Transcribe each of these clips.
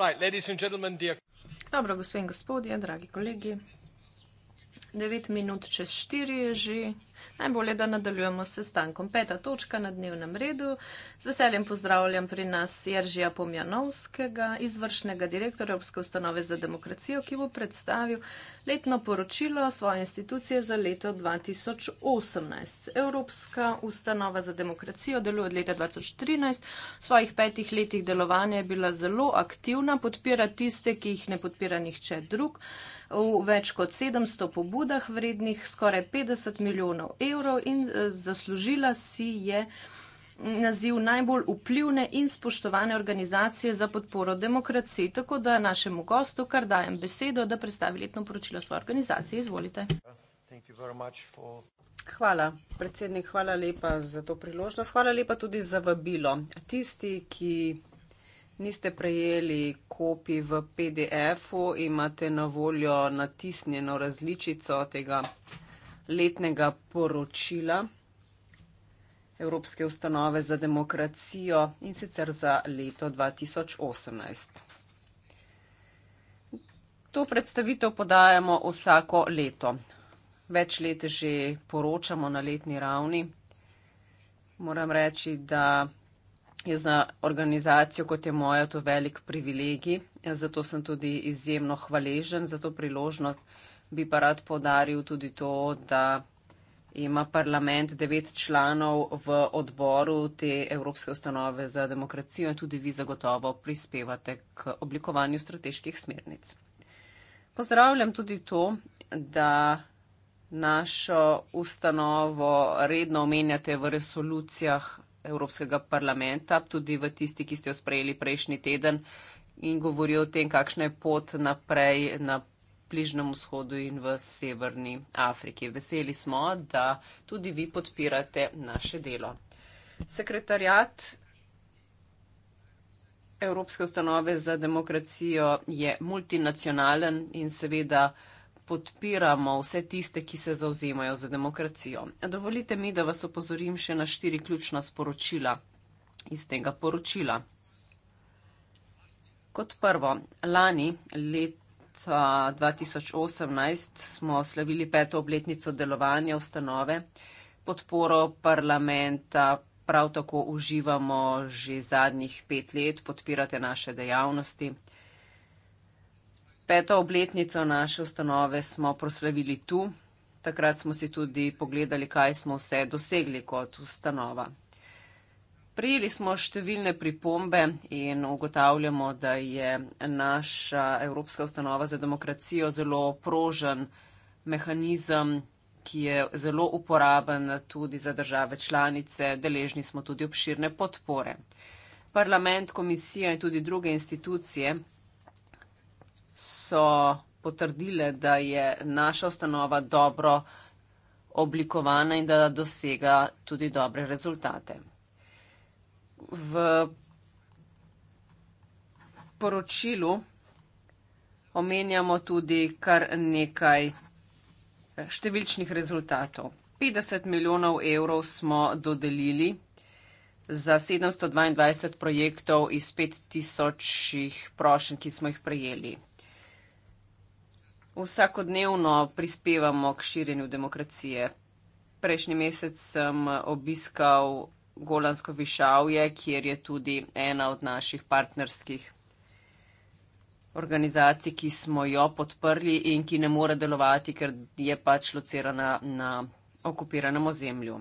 Right, dear... Dobro, gospe in gospodje, dragi kolegi. 9 minut čez 4 je že. Najbolje, da nadaljujemo s sestankom. Peta točka na dnevnem redu. Z veseljem pozdravljam pri nas Jeržija Pomjanovskega, izvršnega direktora Evropske ustanove za demokracijo, ki bo predstavil letno poročilo svoje institucije za leto 2018. Evropska ustanova za demokracijo deluje od leta 2013. V svojih petih letih delovanja je bila zelo aktivna, podpira tiste, ki jih ne podpira nihče drug, v več kot 700 pobudah vrednih skoraj 50 milijonov evrov in eh, zaslužila si je naziv najbolj vplivne in spoštovane organizacije za podporo demokraciji. Tako da našemu gostu kar dajem besedo, da predstavi letno poročilo svoje organizacije. Izvolite. Hvala, predsednik, hvala lepa za to priložnost. Hvala lepa tudi za vabilo. Tisti, ki niste prejeli kopij v PDF-u, imate na voljo natisnjeno različico tega letnega poročila Evropske ustanove za demokracijo in sicer za leto 2018. To predstavitev podajamo vsako leto. Več let že poročamo na letni ravni. Moram reči, da je za organizacijo kot je moja to velik privilegij. Zato sem tudi izjemno hvaležen za to priložnost, bi pa rad podaril tudi to, da ima parlament devet članov v odboru te Evropske ustanove za demokracijo in tudi vi zagotovo prispevate k oblikovanju strateških smernic. Pozdravljam tudi to, da našo ustanovo redno omenjate v resolucijah Evropskega parlamenta, tudi v tisti, ki ste jo sprejeli prejšnji teden in govorijo o tem, kakšna je pot naprej na Bližnjem vzhodu in v Severni Afriki. Veseli smo, da tudi vi podpirate naše delo. Sekretarjat Evropske ustanove za demokracijo je multinacionalen in seveda podpiramo vse tiste, ki se zauzemajo za demokracijo. Dovolite mi, da vas opozorim še na štiri ključna sporočila iz tega poročila. Kot prvo, lani let 2018 smo slavili peto obletnico delovanja ustanove. Podporo parlamenta prav tako uživamo že zadnjih pet let, podpirate naše dejavnosti. Peto obletnico naše ustanove smo proslavili tu. Takrat smo si tudi pogledali, kaj smo vse dosegli kot ustanova. Prijeli smo številne pripombe in ugotavljamo, da je naša Evropska ustanova za demokracijo zelo prožen mehanizem, ki je zelo uporaben tudi za države članice. Deležni smo tudi obširne podpore. Parlament, komisija in tudi druge institucije so potrdile, da je naša ustanova dobro oblikovana in da dosega tudi dobre rezultate v poročilu omenjamo tudi kar nekaj eh, številčnih rezultatov. 50 milijonov evrov smo dodelili za 722 projektov iz 5000 prošenj, ki smo jih prejeli. Vsakodnevno prispevamo k širjenju demokracije. Prejšnji mesec sem obiskal Golansko višavje, kjer je tudi ena od naših partnerskih organizacij, ki smo jo podprli in ki ne more delovati, ker je pač locirana na okupiranem ozemlju.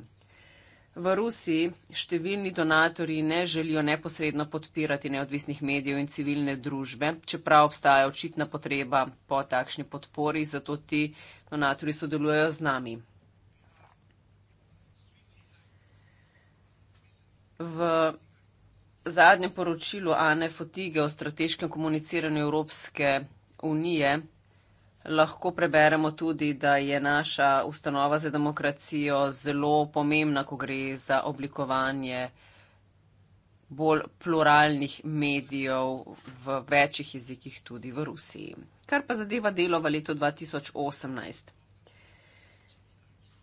V Rusiji številni donatori ne želijo neposredno podpirati neodvisnih medijev in civilne družbe, čeprav obstaja očitna potreba po takšni podpori, zato ti donatori sodelujejo z nami. v zadnjem poročilu Ane Fotige o strateškem komuniciranju Evropske unije lahko preberemo tudi, da je naša ustanova za demokracijo zelo pomembna, ko gre za oblikovanje bolj pluralnih medijev v večjih jezikih tudi v Rusiji. Kar pa zadeva delo v letu 2018.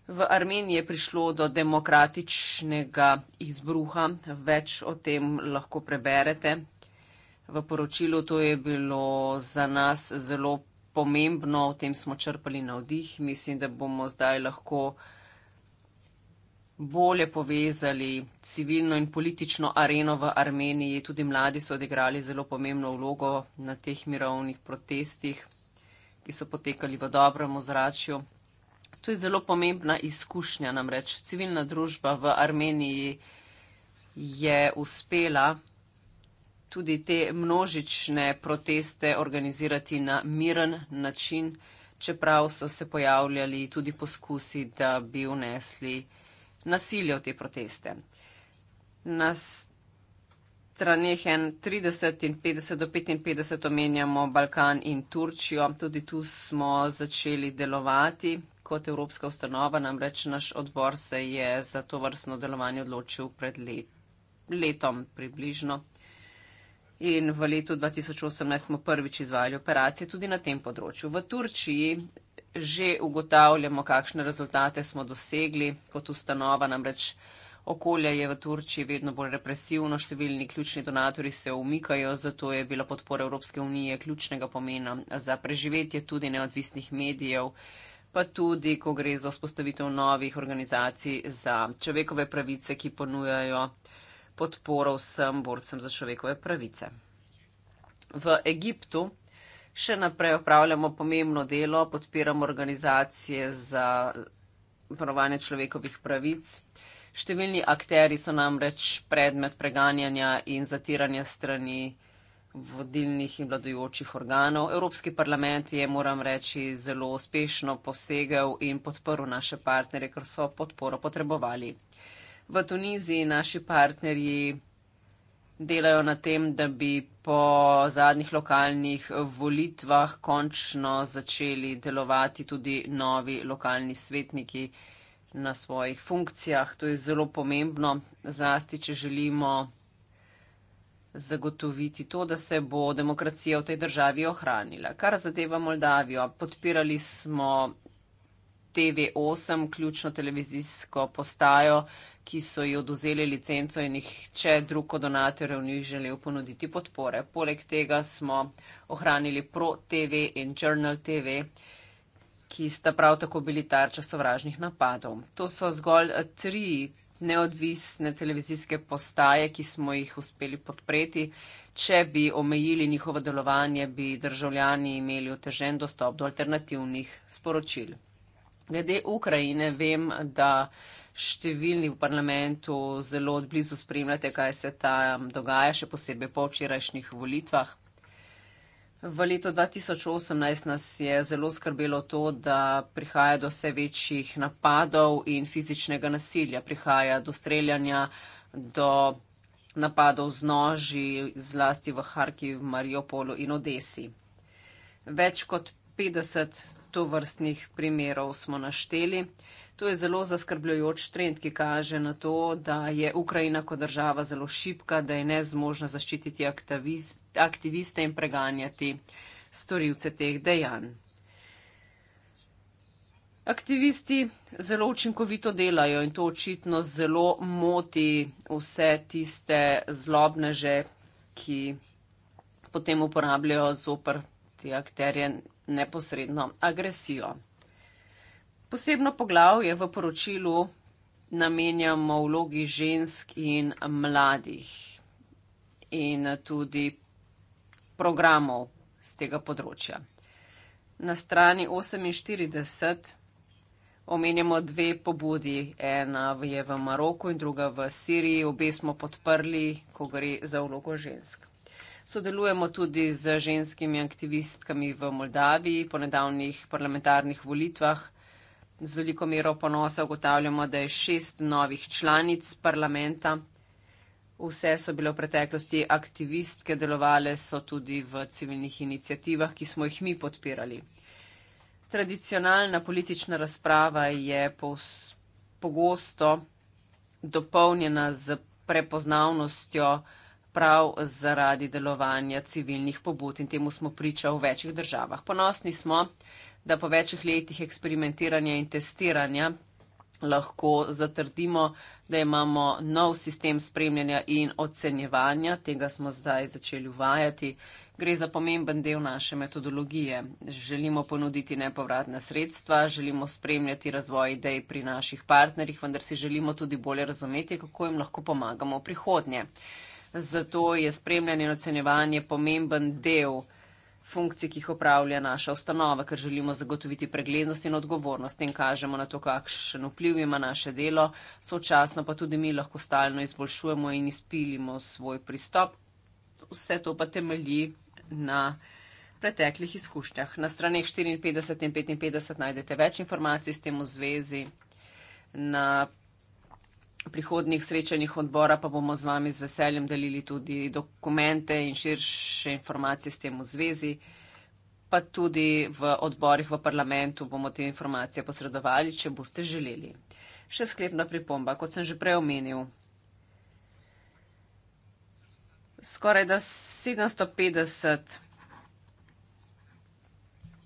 V Armeniji je prišlo do demokratičnega izbruha, več o tem lahko preberete. V poročilu to je bilo za nas zelo pomembno, o tem smo črpali na vdih. Mislim, da bomo zdaj lahko bolje povezali civilno in politično areno v Armeniji. Tudi mladi so odigrali zelo pomembno vlogo na teh mirovnih protestih, ki so potekali v dobrem ozračju. To je zelo pomembna izkušnja, namreč civilna družba v Armeniji je uspela tudi te množične proteste organizirati na miren način, čeprav so se pojavljali tudi poskusi, da bi vnesli nasilje v te proteste. Na straneh 30 in 50 do 55 omenjamo Balkan in Turčijo. Tudi tu smo začeli delovati, kot evropska ustanova, namreč naš odbor se je za to vrstno delovanje odločil pred let, letom približno. In v letu 2018 smo prvič izvajali operacije tudi na tem področju. V Turčiji že ugotavljamo, kakšne rezultate smo dosegli kot ustanova, namreč okolje je v Turčiji vedno bolj represivno, številni ključni donatori se umikajo, zato je bila podpora Evropske unije ključnega pomena za preživetje tudi neodvisnih medijev pa tudi, ko gre za vzpostavitev novih organizacij za človekove pravice, ki ponujajo podporo vsem borcem za človekove pravice. V Egiptu še naprej opravljamo pomembno delo, podpiramo organizacije za varovanje človekovih pravic. Številni akteri so namreč predmet preganjanja in zatiranja strani vodilnih in vladojočih organov. Evropski parlament je, moram reči, zelo uspešno posegel in podporil naše partnere, ker so podporo potrebovali. V Tuniziji naši partnerji delajo na tem, da bi po zadnjih lokalnih volitvah končno začeli delovati tudi novi lokalni svetniki na svojih funkcijah. To je zelo pomembno, zlasti, če želimo zagotoviti to, da se bo demokracija v tej državi ohranila. Kar zadeva Moldavijo, podpirali smo TV8, ključno televizijsko postajo, ki so ji oduzeli licenco in jih, če drugo donatorjev ni želel ponuditi podpore. Poleg tega smo ohranili Pro TV in Journal TV ki sta prav tako bili tarča sovražnih napadov. To so zgolj tri neodvisne televizijske postaje, ki smo jih uspeli podpreti. Če bi omejili njihovo delovanje, bi državljani imeli otežen dostop do alternativnih sporočil. Glede Ukrajine vem, da številni v parlamentu zelo odblizu spremljate, kaj se tam dogaja, še posebej po včerajšnjih volitvah. V letu 2018 nas je zelo skrbelo to, da prihaja do vse večjih napadov in fizičnega nasilja, prihaja do streljanja, do napadov z noži, zlasti v Harki, v Mariupolu in Odesi. Več kot 50 to vrstnih primerov smo našteli. To je zelo zaskrbljujoč trend, ki kaže na to, da je Ukrajina kot država zelo šipka, da je nezmožna zaščititi aktiviste in preganjati storilce teh dejanj. Aktivisti zelo učinkovito delajo in to očitno zelo moti vse tiste zlobneže, ki potem uporabljajo zoper te akterje neposredno agresijo. Posebno poglavje v poročilu namenjamo vlogi žensk in mladih in tudi programov z tega področja. Na strani 48 omenjamo dve pobudi, ena je v Maroku in druga v Siriji, obe smo podprli, ko gre za vlogo žensk. Sodelujemo tudi z ženskimi aktivistkami v Moldaviji po nedavnih parlamentarnih volitvah. Z veliko mero ponosa ugotavljamo, da je šest novih članic parlamenta. Vse so bile v preteklosti aktivistke, delovale so tudi v civilnih inicijativah, ki smo jih mi podpirali. Tradicionalna politična razprava je pogosto dopolnjena z prepoznavnostjo prav zaradi delovanja civilnih pobud in temu smo priča v večjih državah. Ponosni smo, da po večjih letih eksperimentiranja in testiranja lahko zatrdimo, da imamo nov sistem spremljanja in ocenjevanja, tega smo zdaj začeli uvajati. Gre za pomemben del naše metodologije. Želimo ponuditi nepovratna sredstva, želimo spremljati razvoj idej pri naših partnerjih, vendar si želimo tudi bolje razumeti, kako jim lahko pomagamo v prihodnje zato je spremljanje in ocenjevanje pomemben del funkcij, ki jih upravlja naša ustanova, ker želimo zagotoviti preglednost in odgovornost in kažemo na to, kakšen vpliv ima naše delo, sočasno pa tudi mi lahko stalno izboljšujemo in izpilimo svoj pristop. Vse to pa temelji na preteklih izkušnjah. Na straneh 54 in 55 najdete več informacij s tem v zvezi. Na prihodnih srečanjih odbora pa bomo z vami z veseljem delili tudi dokumente in širše informacije s tem v zvezi. Pa tudi v odborih v parlamentu bomo te informacije posredovali, če boste želeli. Še sklepna pripomba, kot sem že prej omenil. Skoraj da 750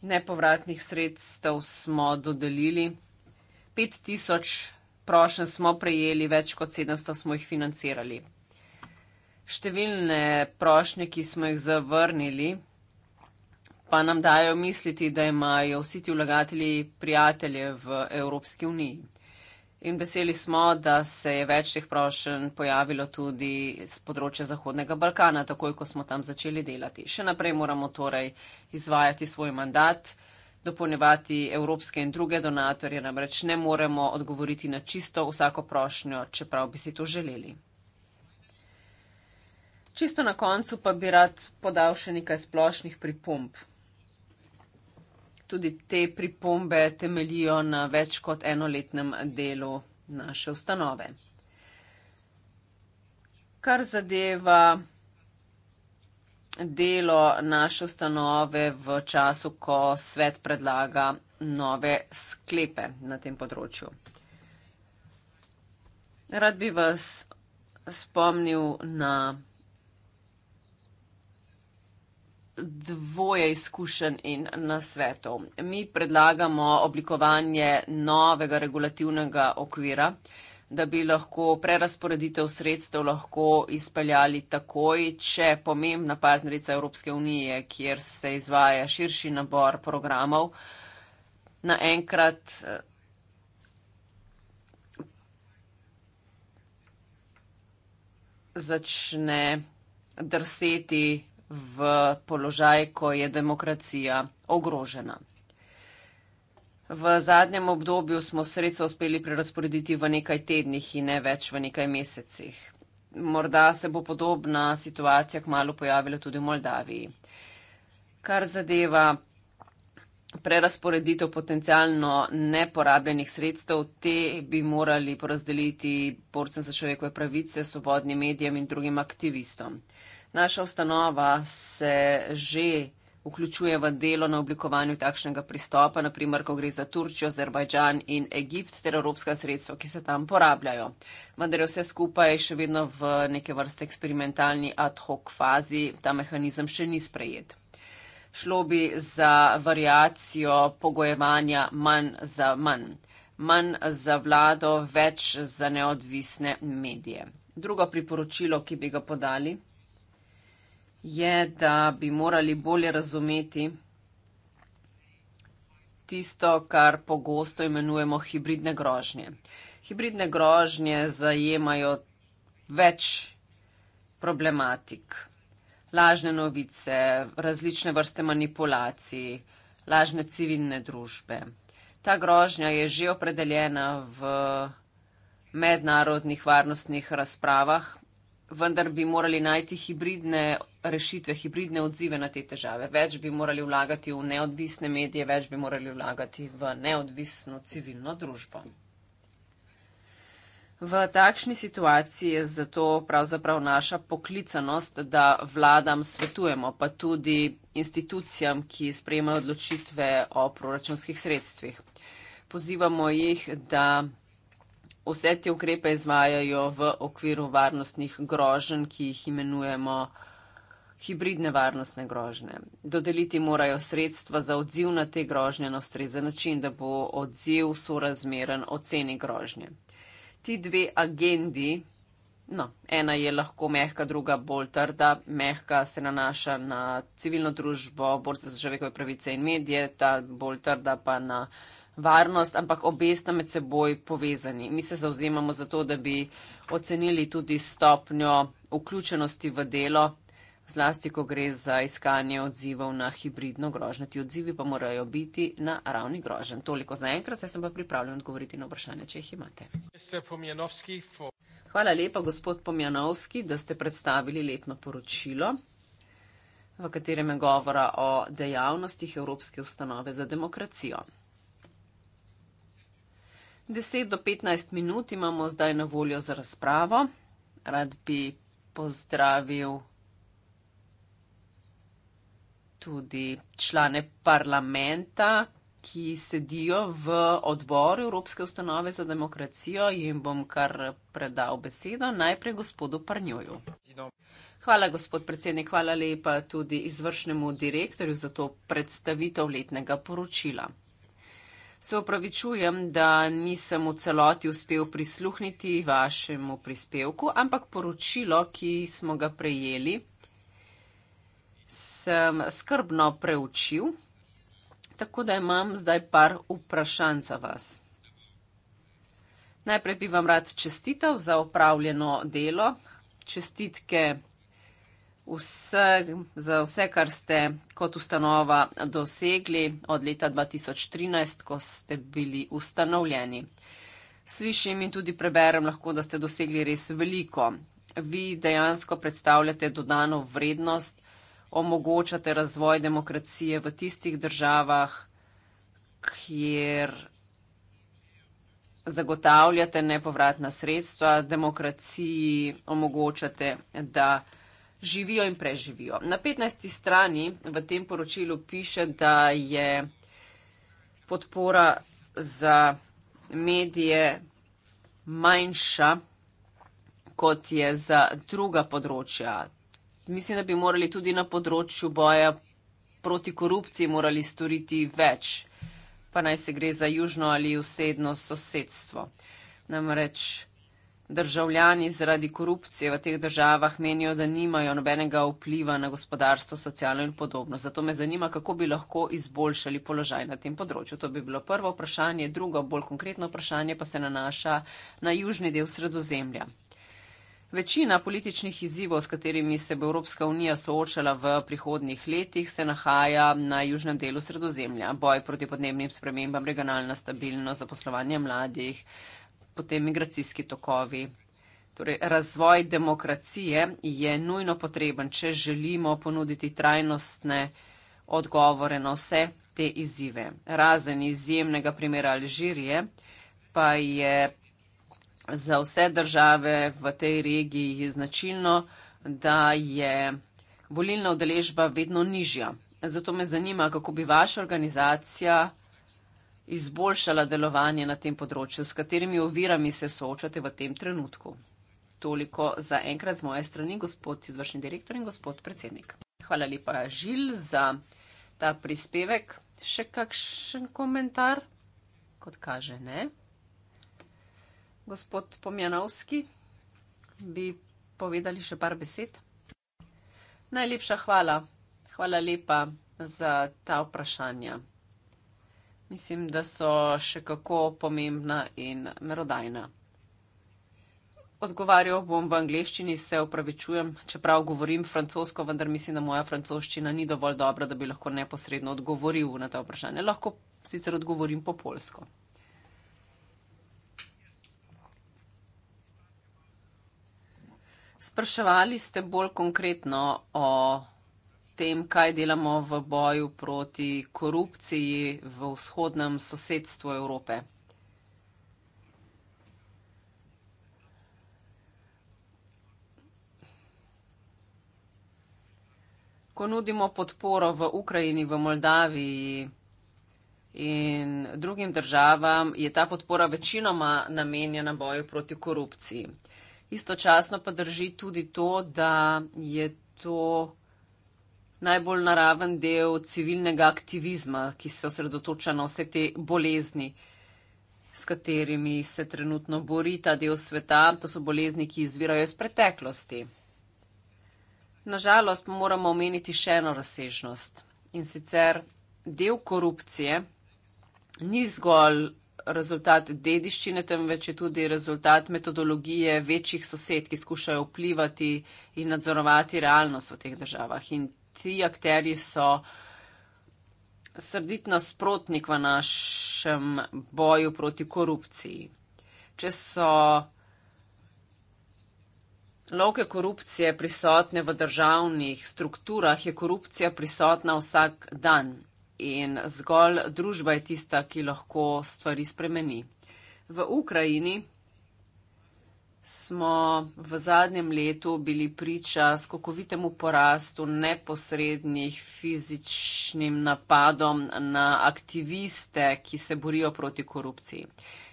nepovratnih sredstev smo dodelili, 5000 prošen smo prejeli, več kot 700 smo jih financirali. Številne prošnje, ki smo jih zavrnili, pa nam dajo misliti, da imajo vsi ti vlagatelji prijatelje v Evropski uniji. In veseli smo, da se je več teh prošen pojavilo tudi z področja Zahodnega Balkana, takoj ko smo tam začeli delati. Še naprej moramo torej izvajati svoj mandat dopolnevati evropske in druge donatorje, namreč ne moremo odgovoriti na čisto vsako prošnjo, čeprav bi si to želeli. Čisto na koncu pa bi rad podal še nekaj splošnih pripomb. Tudi te pripombe temelijo na več kot enoletnem delu naše ustanove. Kar zadeva delo naše ustanove v času, ko svet predlaga nove sklepe na tem področju. Rad bi vas spomnil na dvoje izkušenj in na svetov. Mi predlagamo oblikovanje novega regulativnega okvira, da bi lahko prerasporeditev sredstev lahko izpeljali takoj, če pomembna partnerica Evropske unije, kjer se izvaja širši nabor programov, naenkrat eh, začne drseti v položaj, ko je demokracija ogrožena. V zadnjem obdobju smo sredstva uspeli prerasporediti v nekaj tednih in ne več v nekaj mesecih. Morda se bo podobna situacija kmalo pojavila tudi v Moldaviji. Kar zadeva prerasporeditev potencialno neporabljenih sredstev, te bi morali porazdeliti borcem za človekove pravice, svobodnim medijem in drugim aktivistom. Naša ustanova se že vključuje v delo na oblikovanju takšnega pristopa, naprimer, ko gre za Turčijo, Azerbajdžan in Egipt ter evropska sredstva, ki se tam porabljajo. Vendar je vse skupaj še vedno v neke vrste eksperimentalni ad hoc fazi, ta mehanizem še ni sprejet. Šlo bi za variacijo pogojevanja manj za manj. Manj za vlado, več za neodvisne medije. Drugo priporočilo, ki bi ga podali je, da bi morali bolje razumeti tisto, kar pogosto imenujemo hibridne grožnje. Hibridne grožnje zajemajo več problematik. Lažne novice, različne vrste manipulacij, lažne civilne družbe. Ta grožnja je že opredeljena v mednarodnih varnostnih razpravah, vendar bi morali najti hibridne rešitve, hibridne odzive na te težave. Več bi morali vlagati v neodvisne medije, več bi morali vlagati v neodvisno civilno družbo. V takšni situaciji je zato pravzaprav naša poklicanost, da vladam svetujemo, pa tudi institucijam, ki sprejemajo odločitve o proračunskih sredstvih. Pozivamo jih, da vse te ukrepe izvajajo v okviru varnostnih groženj, ki jih imenujemo hibridne varnostne grožnje. Dodeliti morajo sredstva za odziv na te grožnje na ustrezen način, da bo odziv sorazmeren oceni grožnje. Ti dve agendi, no, ena je lahko mehka, druga bolj trda. Mehka se nanaša na civilno družbo, borce za človekove pravice in medije, ta bolj trda pa na varnost, ampak obe sta med seboj povezani. Mi se zauzemamo za to, da bi ocenili tudi stopnjo vključenosti v delo, zlasti, ko gre za iskanje odzivov na hibridno grožnjo. Ti odzivi pa morajo biti na ravni grožen. Toliko za enkrat, zdaj sem pa pripravljen odgovoriti na vprašanje, če jih imate. Hvala lepa, gospod Pomjanovski, da ste predstavili letno poročilo v katerem je govora o dejavnostih Evropske ustanove za demokracijo. 10 do 15 minut imamo zdaj na voljo za razpravo. Rad bi pozdravil tudi člane parlamenta, ki sedijo v odboru Evropske ustanove za demokracijo. Jim bom kar predal besedo. Najprej gospodu Parnjoju. Hvala, gospod predsednik. Hvala lepa tudi izvršnemu direktorju za to predstavitev letnega poročila. Se opravičujem, da nisem v celoti uspel prisluhniti vašemu prispevku, ampak poročilo, ki smo ga prejeli, sem skrbno preučil, tako da imam zdaj par vprašanj za vas. Najprej bi vam rad čestital za opravljeno delo. Čestitke vse, za vse, kar ste kot ustanova dosegli od leta 2013, ko ste bili ustanovljeni. Slišim in tudi preberem lahko, da ste dosegli res veliko. Vi dejansko predstavljate dodano vrednost, omogočate razvoj demokracije v tistih državah, kjer zagotavljate nepovratna sredstva, demokraciji omogočate, da živijo in preživijo. Na 15. strani v tem poročilu piše, da je podpora za medije manjša, kot je za druga področja. Mislim, da bi morali tudi na področju boja proti korupciji morali storiti več, pa naj se gre za južno ali vsedno sosedstvo. Namreč državljani zaradi korupcije v teh državah menijo, da nimajo nobenega vpliva na gospodarstvo, socialno in podobno. Zato me zanima, kako bi lahko izboljšali položaj na tem področju. To bi bilo prvo vprašanje. Drugo, bolj konkretno vprašanje pa se nanaša na južni del sredozemlja. Večina političnih izzivov, s katerimi se bo Evropska unija soočala v prihodnih letih, se nahaja na južnem delu sredozemlja. Boj proti podnebnim spremembam, regionalna stabilnost, zaposlovanje mladih, potem migracijski tokovi. Torej, razvoj demokracije je nujno potreben, če želimo ponuditi trajnostne odgovore na vse te izzive. Razen izjemnega primera Alžirije, pa je za vse države v tej regiji značilno, da je volilna udeležba vedno nižja. Zato me zanima, kako bi vaša organizacija izboljšala delovanje na tem področju, s katerimi ovirami se soočate v tem trenutku. Toliko za enkrat z moje strani, gospod izvršni direktor in gospod predsednik. Hvala lepa, Žil, za ta prispevek. Še kakšen komentar? Kot kaže, ne. Gospod Pomjanovski, bi povedali še par besed? Najlepša hvala. Hvala lepa za ta vprašanja. Mislim, da so še kako pomembna in merodajna. Odgovarjal bom v angleščini, se upravičujem, čeprav govorim francosko, vendar mislim, da moja francoščina ni dovolj dobra, da bi lahko neposredno odgovoril na ta vprašanje. Lahko sicer odgovorim po polsko. Spraševali ste bolj konkretno o tem, kaj delamo v boju proti korupciji v vzhodnem sosedstvu Evrope? Ko nudimo podporo v Ukrajini, v Moldaviji in drugim državam, je ta podpora večinoma namenjena boju proti korupciji. Istočasno pa drži tudi to, da je to najbolj naraven del civilnega aktivizma, ki se osredotoča na vse te bolezni, s katerimi se trenutno bori ta del sveta. To so bolezni, ki izvirajo iz preteklosti. Nažalost pa moramo omeniti še eno razsežnost in sicer del korupcije ni zgolj rezultat dediščine, temveč je tudi rezultat metodologije večjih sosed, ki skušajo vplivati in nadzorovati realnost v teh državah. In ti akteri so srdit nasprotnik v našem boju proti korupciji. Če so lovke korupcije prisotne v državnih strukturah, je korupcija prisotna vsak dan in zgolj družba je tista, ki lahko stvari spremeni. V Ukrajini smo v zadnjem letu bili priča skokovitemu porastu neposrednih fizičnim napadom na aktiviste, ki se borijo proti korupciji.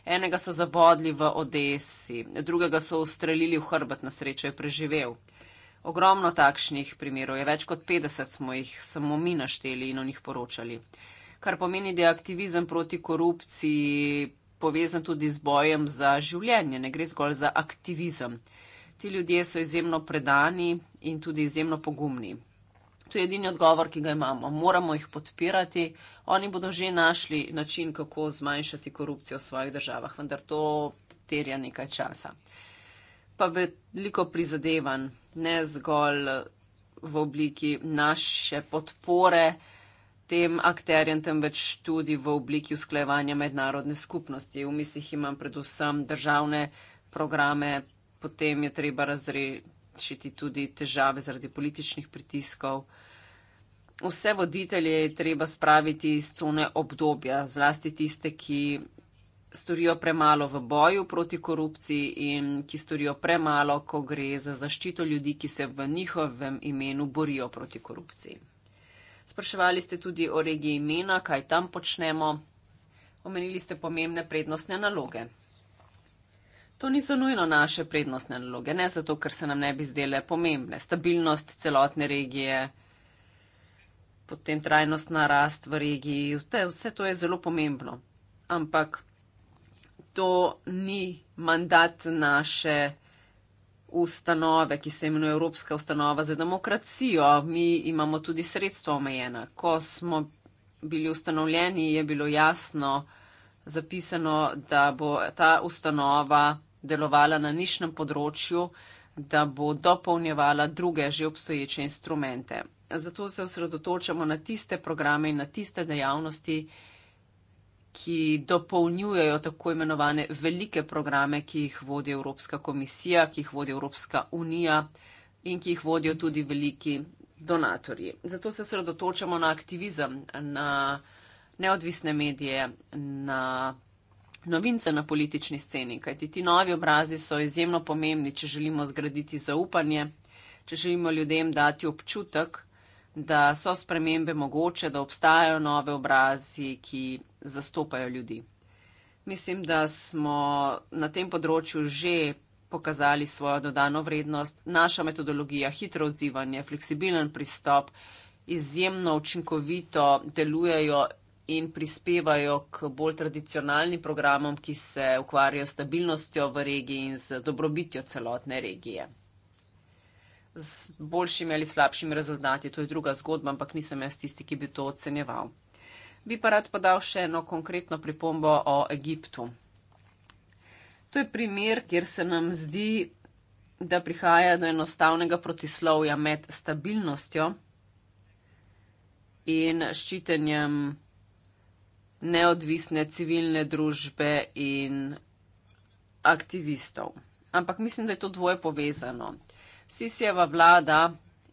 Enega so zabodli v Odesi, drugega so ustrelili v hrbet, na srečo je preživel. Ogromno takšnih primerov je, več kot 50 smo jih samo mi našteli in o njih poročali. Kar pomeni, da je aktivizem proti korupciji povezan tudi z bojem za življenje, ne gre zgolj za aktivizem. Ti ljudje so izjemno predani in tudi izjemno pogumni. To je edini odgovor, ki ga imamo. Moramo jih podpirati. Oni bodo že našli način, kako zmanjšati korupcijo v svojih državah, vendar to terja nekaj časa. Pa veliko prizadevanj, ne zgolj v obliki naše podpore, tem akterjem, temveč tudi v obliki usklajevanja mednarodne skupnosti. V mislih imam predvsem državne programe, potem je treba razrešiti tudi težave zaradi političnih pritiskov. Vse voditelje je treba spraviti iz cone obdobja, zlasti tiste, ki storijo premalo v boju proti korupciji in ki storijo premalo, ko gre za zaščito ljudi, ki se v njihovem imenu borijo proti korupciji. Spraševali ste tudi o regiji Mena, kaj tam počnemo. Omenili ste pomembne prednostne naloge. To niso nujno naše prednostne naloge, ne zato, ker se nam ne bi zdele pomembne. Stabilnost celotne regije, potem trajnostna rast v regiji, vse, vse to je zelo pomembno. Ampak to ni mandat naše regije ustanove, ki se imenuje Evropska ustanova za demokracijo. Mi imamo tudi sredstva omejena. Ko smo bili ustanovljeni, je bilo jasno zapisano, da bo ta ustanova delovala na nišnem področju, da bo dopolnjevala druge že obstoječe instrumente. Zato se osredotočamo na tiste programe in na tiste dejavnosti, ki dopolnjujejo tako imenovane velike programe, ki jih vodi Evropska komisija, ki jih vodi Evropska unija in ki jih vodijo tudi veliki donatorji. Zato se sredotočamo na aktivizem, na neodvisne medije, na novince na politični sceni, kajti ti novi obrazi so izjemno pomembni, če želimo zgraditi zaupanje, če želimo ljudem dati občutek, da so spremembe mogoče, da obstajajo nove obrazi, ki zastopajo ljudi. Mislim, da smo na tem področju že pokazali svojo dodano vrednost. Naša metodologija, hitro odzivanje, fleksibilen pristop, izjemno učinkovito delujejo in prispevajo k bolj tradicionalnim programom, ki se ukvarjajo s stabilnostjo v regiji in z dobrobitjo celotne regije. Z boljšimi ali slabšimi rezultati, to je druga zgodba, ampak nisem jaz tisti, ki bi to ocenjeval bi pa rad podal še eno konkretno pripombo o Egiptu. To je primer, kjer se nam zdi, da prihaja do enostavnega protislovja med stabilnostjo in ščitenjem neodvisne civilne družbe in aktivistov. Ampak mislim, da je to dvoje povezano. Sisijeva vlada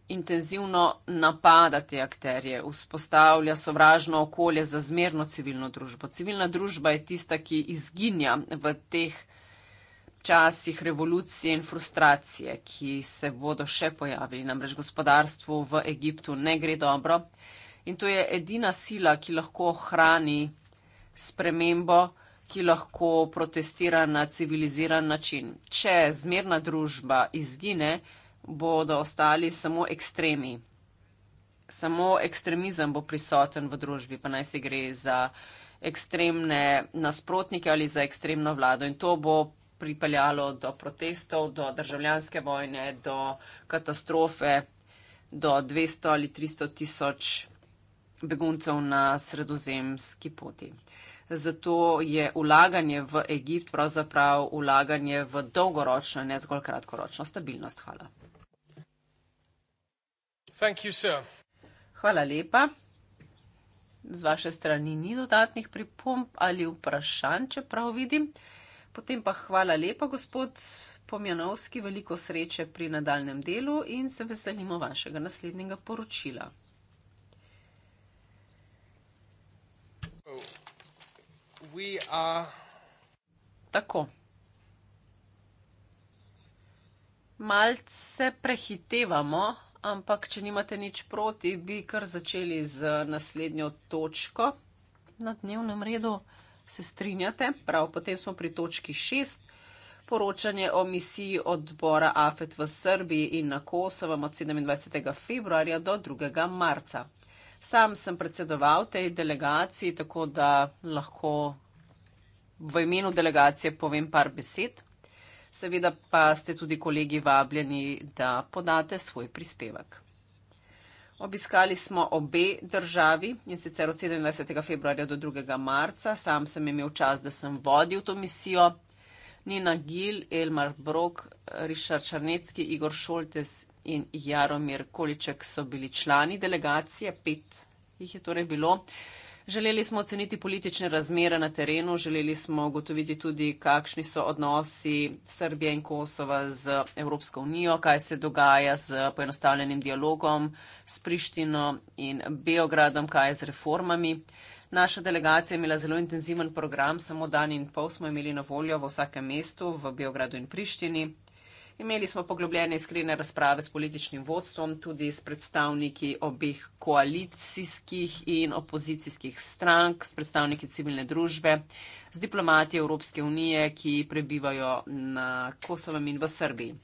intenzivno napada te akterje, vzpostavlja sovražno okolje za zmerno civilno družbo. Civilna družba je tista, ki izginja v teh časih revolucije in frustracije, ki se bodo še pojavili. Namreč gospodarstvo v Egiptu ne gre dobro in to je edina sila, ki lahko ohrani spremembo, ki lahko protestira na civiliziran način. Če zmerna družba izgine, bodo ostali samo ekstremi. Samo ekstremizem bo prisoten v družbi, pa naj se gre za ekstremne nasprotnike ali za ekstremno vlado. In to bo pripeljalo do protestov, do državljanske vojne, do katastrofe, do 200 ali 300 tisoč beguncev na sredozemski poti. Zato je ulaganje v Egipt pravzaprav ulaganje v dolgoročno, ne zgolj kratkoročno stabilnost. Hvala. Hvala lepa. Z vaše strani ni dodatnih pripomb ali vprašanj, če prav vidim. Potem pa hvala lepa, gospod Pomjanovski, veliko sreče pri nadaljem delu in se veselimo vašega naslednjega poročila. Tako. Malce prehitevamo, ampak če nimate nič proti, bi kar začeli z naslednjo točko na dnevnem redu. Se strinjate? Prav, potem smo pri točki šest. Poročanje o misiji odbora AFET v Srbiji in na Kosovem od 27. februarja do 2. marca. Sam sem predsedoval tej delegaciji, tako da lahko v imenu delegacije povem par besed. Seveda pa ste tudi kolegi vabljeni, da podate svoj prispevek. Obiskali smo obe državi in sicer od 27. februarja do 2. marca. Sam sem imel čas, da sem vodil to misijo. Nina Gil, Elmar Brok, Rišard Črnecki, Igor Šoltes in Jaromir Količek so bili člani delegacije, pet jih je torej bilo. Uh, Želeli smo oceniti politične razmere na terenu, želeli smo ugotoviti tudi, kakšni so odnosi Srbije in Kosova z Evropsko unijo, kaj se dogaja z poenostavljenim dialogom s Prištino in Beogradom, kaj je z reformami. Naša delegacija je imela zelo intenziven program, samo dan in pol smo imeli na voljo v vsakem mestu, v Beogradu in Prištini. Imeli smo poglobljene iskrene razprave s političnim vodstvom, tudi s predstavniki obih koalicijskih in opozicijskih strank, s predstavniki civilne družbe, z diplomati Evropske unije, ki prebivajo na Kosovem in v Srbiji.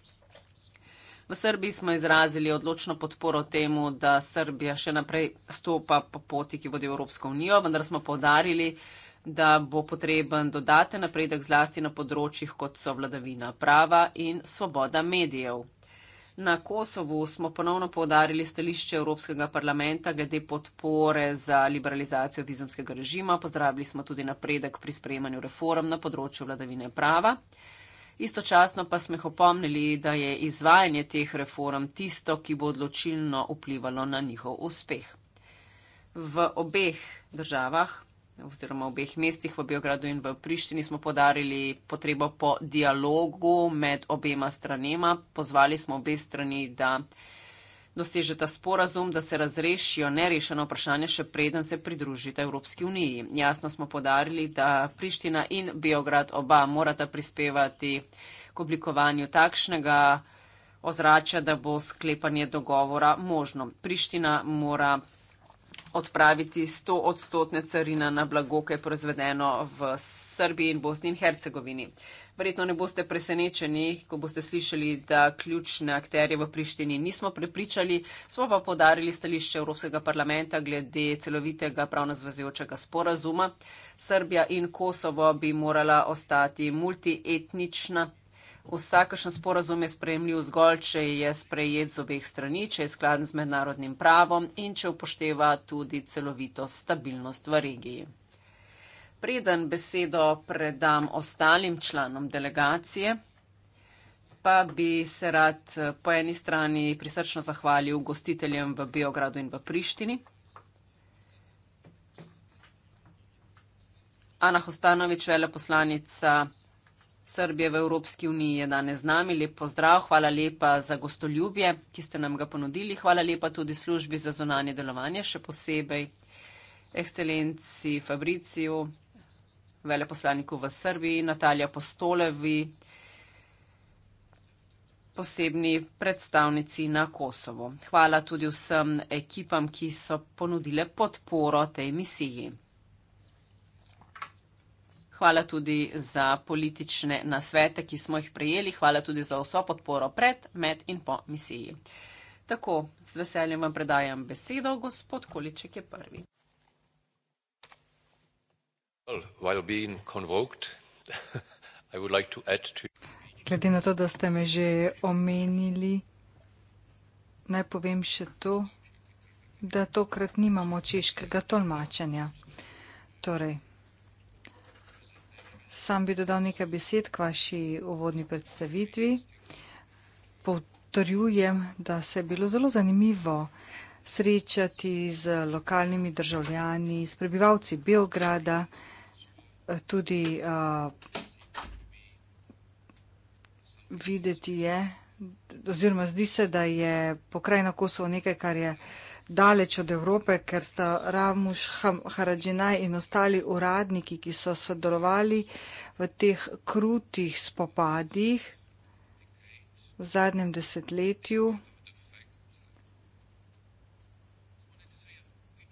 V Srbiji smo izrazili odločno podporo temu, da Srbija še naprej stopa po poti, ki vodi v Evropsko unijo, vendar smo povdarili, da bo potreben dodaten napredek zlasti na področjih, kot so vladavina prava in svoboda medijev. Na Kosovu smo ponovno povdarili stališče Evropskega parlamenta glede podpore za liberalizacijo vizumskega režima. Pozdravili smo tudi napredek pri sprejemanju reform na področju vladavine prava. Istočasno pa smo jih opomnili, da je izvajanje teh reform tisto, ki bo odločilno vplivalo na njihov uspeh. V obeh državah oziroma v obeh mestih, v Beogradu in v Prištini, smo podarili potrebo po dialogu med obema stranema. Pozvali smo obe strani, da dosežeta sporazum, da se razrešijo nerešeno vprašanje, še preden se pridružite Evropski uniji. Jasno smo podarili, da Priština in Beograd oba morata prispevati k oblikovanju takšnega ozračja, da bo sklepanje dogovora možno. Priština mora odpraviti 100 odstotne carina na blago, ki je proizvedeno v Srbiji in Bosni in Hercegovini. Verjetno ne boste presenečeni, ko boste slišali, da ključne akterje v Prištini nismo prepričali, smo pa podarili stališče Evropskega parlamenta glede celovitega pravno zvezujočega sporazuma. Srbija in Kosovo bi morala ostati multietnična vsakršen sporazum je sprejemljiv zgolj, če je sprejet z obeh strani, če je skladen z mednarodnim pravom in če upošteva tudi celovito stabilnost v regiji. Preden besedo predam ostalim članom delegacije, pa bi se rad po eni strani prisrčno zahvalil gostiteljem v Beogradu in v Prištini. Ana Hostanovič, veleposlanica. Srbije v Evropski uniji je danes z nami. Lep pozdrav, hvala lepa za gostoljubje, ki ste nam ga ponudili. Hvala lepa tudi službi za zonanje delovanje, še posebej ekscelenci Fabriciju, veleposlaniku v Srbiji, Natalija Postolevi, posebni predstavnici na Kosovo. Hvala tudi vsem ekipam, ki so ponudile podporo tej misiji hvala tudi za politične nasvete, ki smo jih prejeli, hvala tudi za vso podporo pred, med in po misiji. Tako, z veseljem vam predajam besedo, gospod Količek je prvi. Well, convoked, like to to... Glede na to, da ste me že omenili, naj povem še to, da tokrat nimamo češkega tolmačenja. Torej, Sam bi dodal nekaj besed k vaši uvodni predstavitvi. Potrjujem, da se je bilo zelo zanimivo srečati z lokalnimi državljani, s prebivalci Beograda, tudi uh, videti je, oziroma zdi se, da je pokrajina Kosovo nekaj, kar je uh, daleč od Evrope, ker sta Ramuš Haradžinaj in ostali uradniki, ki so sodelovali v teh krutih spopadih v zadnjem desetletju.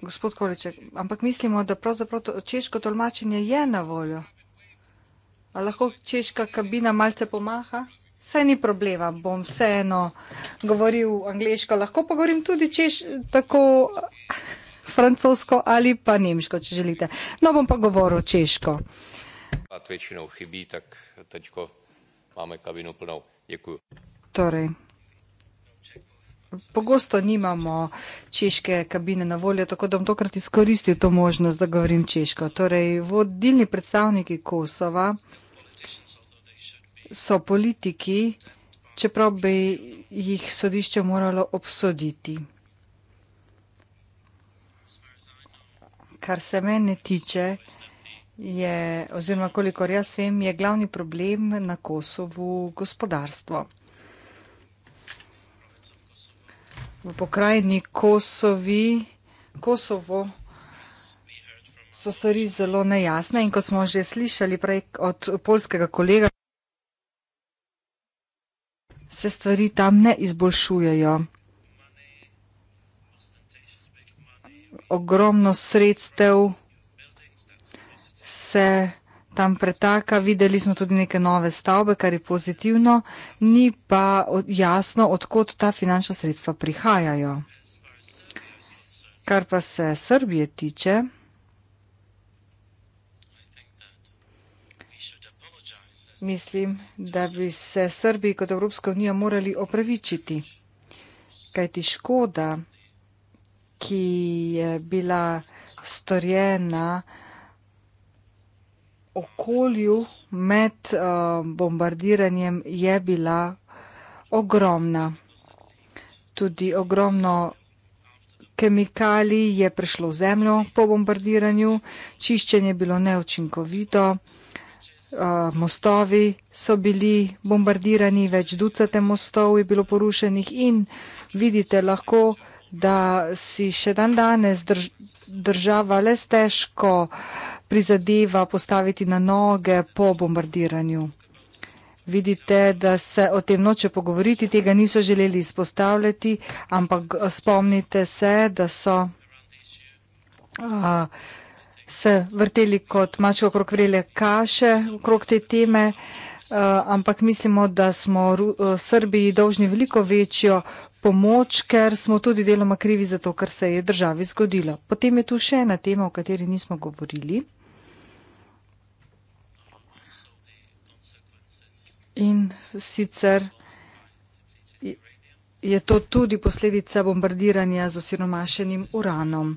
Gospod Količek, ampak mislimo, da pravzaprav to češko tolmačenje je na voljo. A lahko češka kabina malce pomaha? Saj ni problema, bom vseeno govoril angliško, lahko pa govorim tudi češ tako francosko ali pa nemško, če želite. No, bom pa govoril češko. Večino hibi, tak tečko imamo kabino plno. Torej, pogosto nimamo češke kabine na voljo, tako da bom tokrat izkoristil to možnost, da govorim češko. Torej, vodilni predstavniki Kosova so politiki, čeprav bi jih sodišče moralo obsoditi. Kar se mene tiče, je, oziroma kolikor jaz vem, je glavni problem na Kosovu gospodarstvo. V pokrajini Kosovi, Kosovo so stvari zelo nejasne in kot smo že slišali prej od polskega kolega, se stvari tam ne izboljšujejo. Ogromno sredstev se tam pretaka, videli smo tudi neke nove stavbe, kar je pozitivno, ni pa jasno, odkot ta finančna sredstva prihajajo. Kar pa se Srbije tiče, mislim, da bi se Srbiji kot Evropska unija morali opravičiti. Kajti škoda, ki je bila storjena okolju med eh, bombardiranjem, je bila ogromna. Tudi ogromno kemikalij je prišlo v zemljo po bombardiranju, čiščenje je bilo neučinkovito uh, mostovi so bili bombardirani, več ducate mostov je bilo porušenih in vidite lahko, da si še dan danes drž država le stežko prizadeva postaviti na noge po bombardiranju. Vidite, da se o tem noče pogovoriti, tega niso želeli izpostavljati, ampak spomnite se, da so. Uh, se vrteli kot mačke okrog vrele kaše, okrog te teme, eh, ampak mislimo, da smo eh, Srbiji dolžni veliko večjo pomoč, ker smo tudi deloma krivi za to, kar se je državi zgodilo. Potem je tu še ena tema, o kateri nismo govorili. In sicer je to tudi posledica bombardiranja z osiromašenim uranom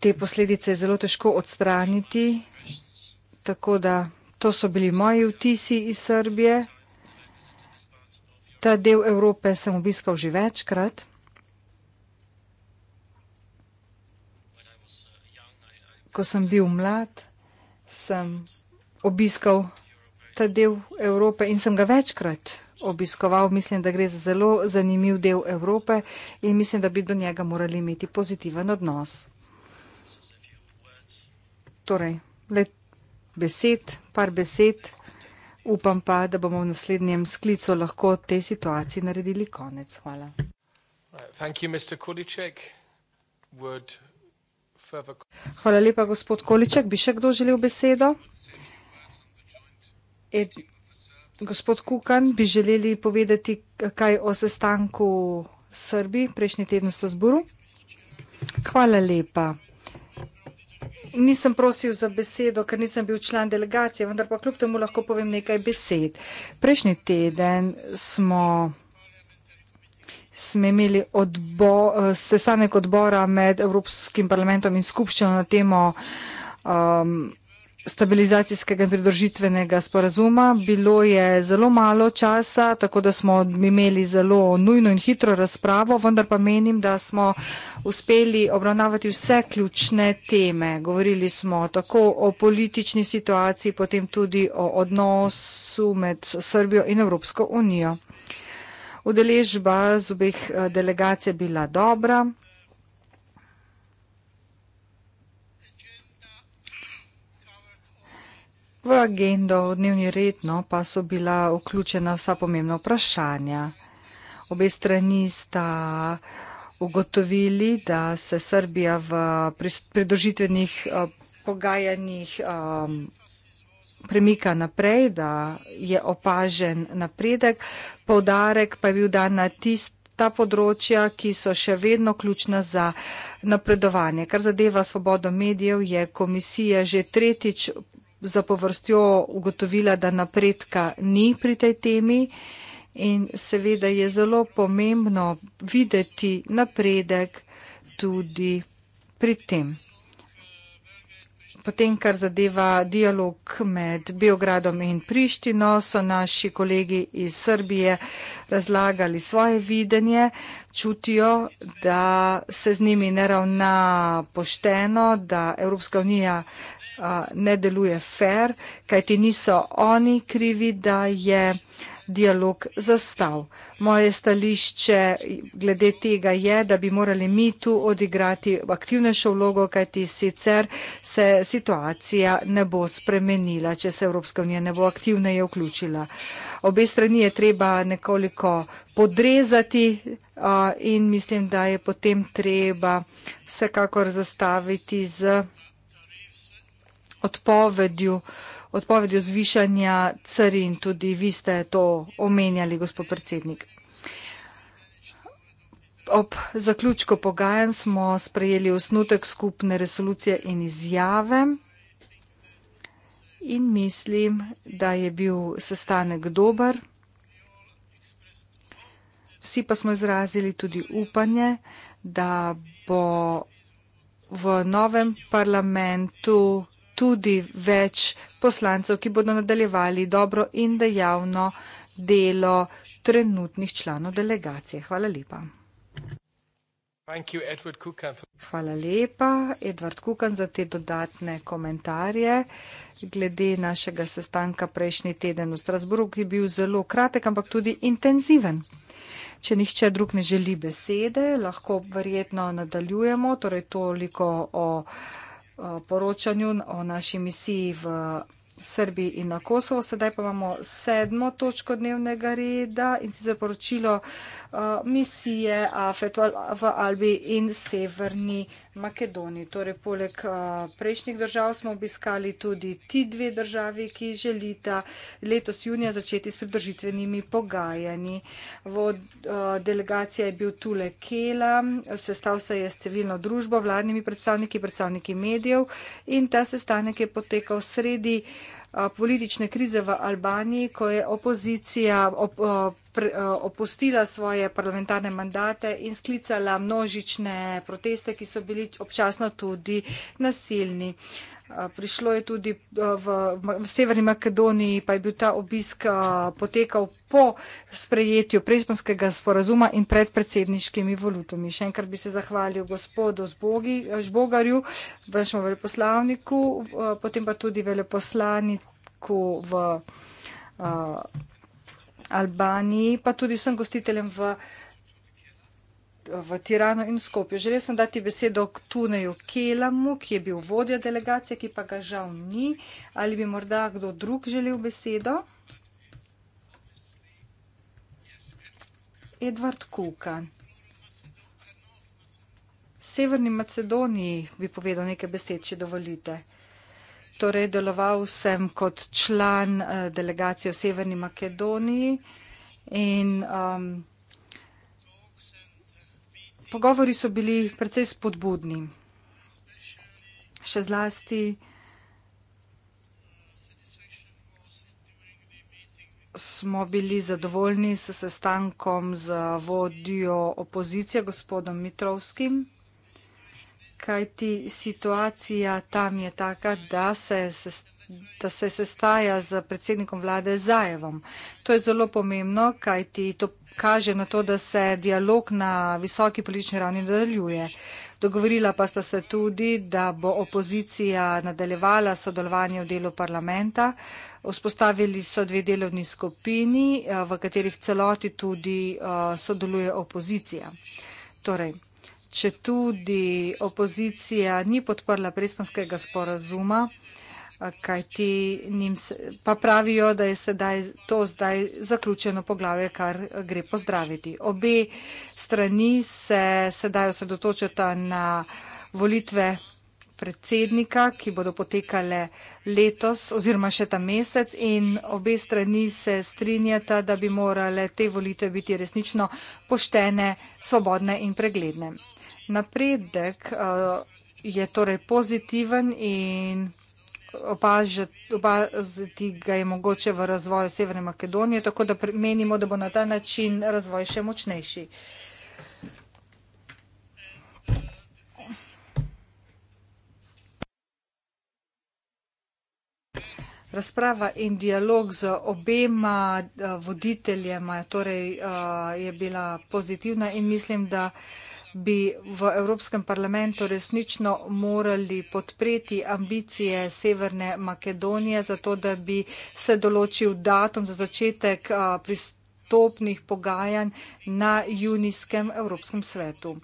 te posledice zelo težko odstraniti. Tako da to so bili moji vtisi iz Srbije. Ta del Evrope sem obiskal že večkrat. Ko sem bil mlad, sem obiskal ta del Evrope in sem ga večkrat obiskoval. Mislim, da gre za zelo zanimiv del Evrope in mislim, da bi do njega morali imeti pozitiven odnos torej, le besed, par besed. Upam pa, da bomo v naslednjem sklicu lahko te situaciji naredili konec. Hvala. Hvala lepa, gospod Količek. Bi še kdo želel besedo? Ed, gospod Kukan, bi želeli povedati kaj o sestanku Srbi prejšnji teden v Strasburu? Hvala lepa. Nisem prosil za besedo, ker nisem bil član delegacije, vendar pa kljub temu lahko povem nekaj besed. Prejšnji teden smo, smo imeli odbo, sestanek odbora med Evropskim parlamentom in skupščino na temo. Um, stabilizacijskega in pridružitvenega sporazuma. Bilo je zelo malo časa, tako da smo imeli zelo nujno in hitro razpravo, vendar pa menim, da smo uspeli obravnavati vse ključne teme. Govorili smo tako o politični situaciji, potem tudi o odnosu med Srbijo in Evropsko unijo. Udeležba z obeh eh, delegacij je bila dobra. V agendo v dnevni redno pa so bila vključena vsa pomembna vprašanja. Obe strani sta ugotovili, da se Srbija v pridružitvenih eh, pogajanjih um, premika naprej, da je opažen napredek. Povdarek pa je bil dan na tista področja, ki so še vedno ključna za napredovanje. Kar zadeva svobodo medijev, je komisija že tretjič zapovrstjo ugotovila, da napredka ni pri tej temi. In seveda je zelo pomembno videti napredek tudi pri tem potem, kar zadeva dialog med Beogradom in Prištino, so naši kolegi iz Srbije razlagali svoje videnje, čutijo, da se z njimi ne ravna pošteno, da Evropska unija ne deluje fair, kajti niso oni krivi, da je dialog zastav. Moje stališče glede tega je, da bi morali mi tu odigrati aktivnejšo vlogo, kajti sicer se situacija ne bo spremenila, če se Evropska unija ne bo aktivneje vključila. Obe strani je treba nekoliko podrezati in mislim, da je potem treba vsekakor zastaviti z odpovedjo odpovedjo zvišanja carin. Tudi vi ste to omenjali, gospod predsednik. Ob zaključku pogajanj smo sprejeli osnutek skupne resolucije in izjave in mislim, da je bil sestanek dober. Vsi pa smo izrazili tudi upanje, da bo v novem parlamentu tudi več poslancev, ki bodo nadaljevali dobro in dejavno delo trenutnih članov delegacije. Hvala lepa. Hvala lepa, Edward Kukan, za te dodatne komentarje. Glede našega sestanka prejšnji teden v Strasburu, ki je bil zelo kratek, ampak tudi intenziven. Če nihče drug ne želi besede, lahko verjetno nadaljujemo. Torej toliko o. Eh, poročanju o naši misiji v Srbiji in na Kosovo. Sedaj pa imamo sedmo točko dnevnega reda in sicer poročilo eh, misije AFET v Albi in Severni Makedoniji. Torej, poleg prejšnjih držav smo obiskali tudi ti dve državi, ki želita letos junija začeti s pridržitvenimi pogajanji. Vod, delegacija je bil tule Kela, sestav se je s civilno družbo, vladnimi predstavniki, predstavniki medijev in ta sestanek je potekal sredi politične krize v Albaniji, ko je opozicija. Op, Eh, opustila svoje parlamentarne mandate in sklicala množične proteste, ki so bili občasno tudi nasilni. Eh, prišlo je tudi eh, v, v Severni Makedoniji, pa je bil ta obisk potekal po sprejetju prezbanskega sporazuma in pred predsedniškimi volutami. Še enkrat bi se zahvalil gospodu Zbogi, Žbogarju, vašemu veleposlavniku, potem pa tudi veleposlaniku v. A, Albaniji, pa tudi vsem gostiteljem v, v Tirano in Skopju. Želel sem dati besedo k Tuneju Kelamu, ki je bil vodja delegacije, ki pa ga žal ni. Ali bi morda kdo drug želel besedo? Edvard Kukan. Severni Macedoniji bi povedal nekaj besed, če dovolite. Torej, deloval sem kot član eh, delegacije v Severni Makedoniji in um, pogovori so bili precej spodbudni. Še zlasti smo bili zadovoljni s sestankom z vodjo opozicije, gospodom Mitrovskim kajti situacija tam je taka, da se, da se sestaja z predsednikom vlade Zajevom. To je zelo pomembno, kajti to kaže na to, da se dialog na visoki politični ravni nadaljuje. Dogovorila pa sta se tudi, da bo opozicija nadaljevala sodelovanje v delu parlamenta. Vzpostavili so dve delovni skupini, eh, v katerih celoti tudi eh, sodeluje opozicija. Torej, če tudi opozicija ni podprla prespanskega sporazuma, kaj ti njim pa pravijo, da je sedaj to zdaj zaključeno poglavje, kar gre pozdraviti. Obe strani se sedaj osredotočata na volitve predsednika, ki bodo potekale letos oziroma še ta mesec in obe strani se strinjata, da bi morale te volitve biti resnično poštene, svobodne in pregledne. Napredek eh, je torej pozitiven in opažati, opaziti ga je mogoče v razvoju Severne Makedonije, tako da menimo, da bo na ta način razvoj še močnejši. Razprava in dialog z obema eh, voditeljema torej, eh, je bila pozitivna in mislim, da bi v Evropskem parlamentu resnično morali podpreti ambicije Severne Makedonije, zato da bi se določil datum za začetek pristopnih pogajanj na junijskem Evropskem svetu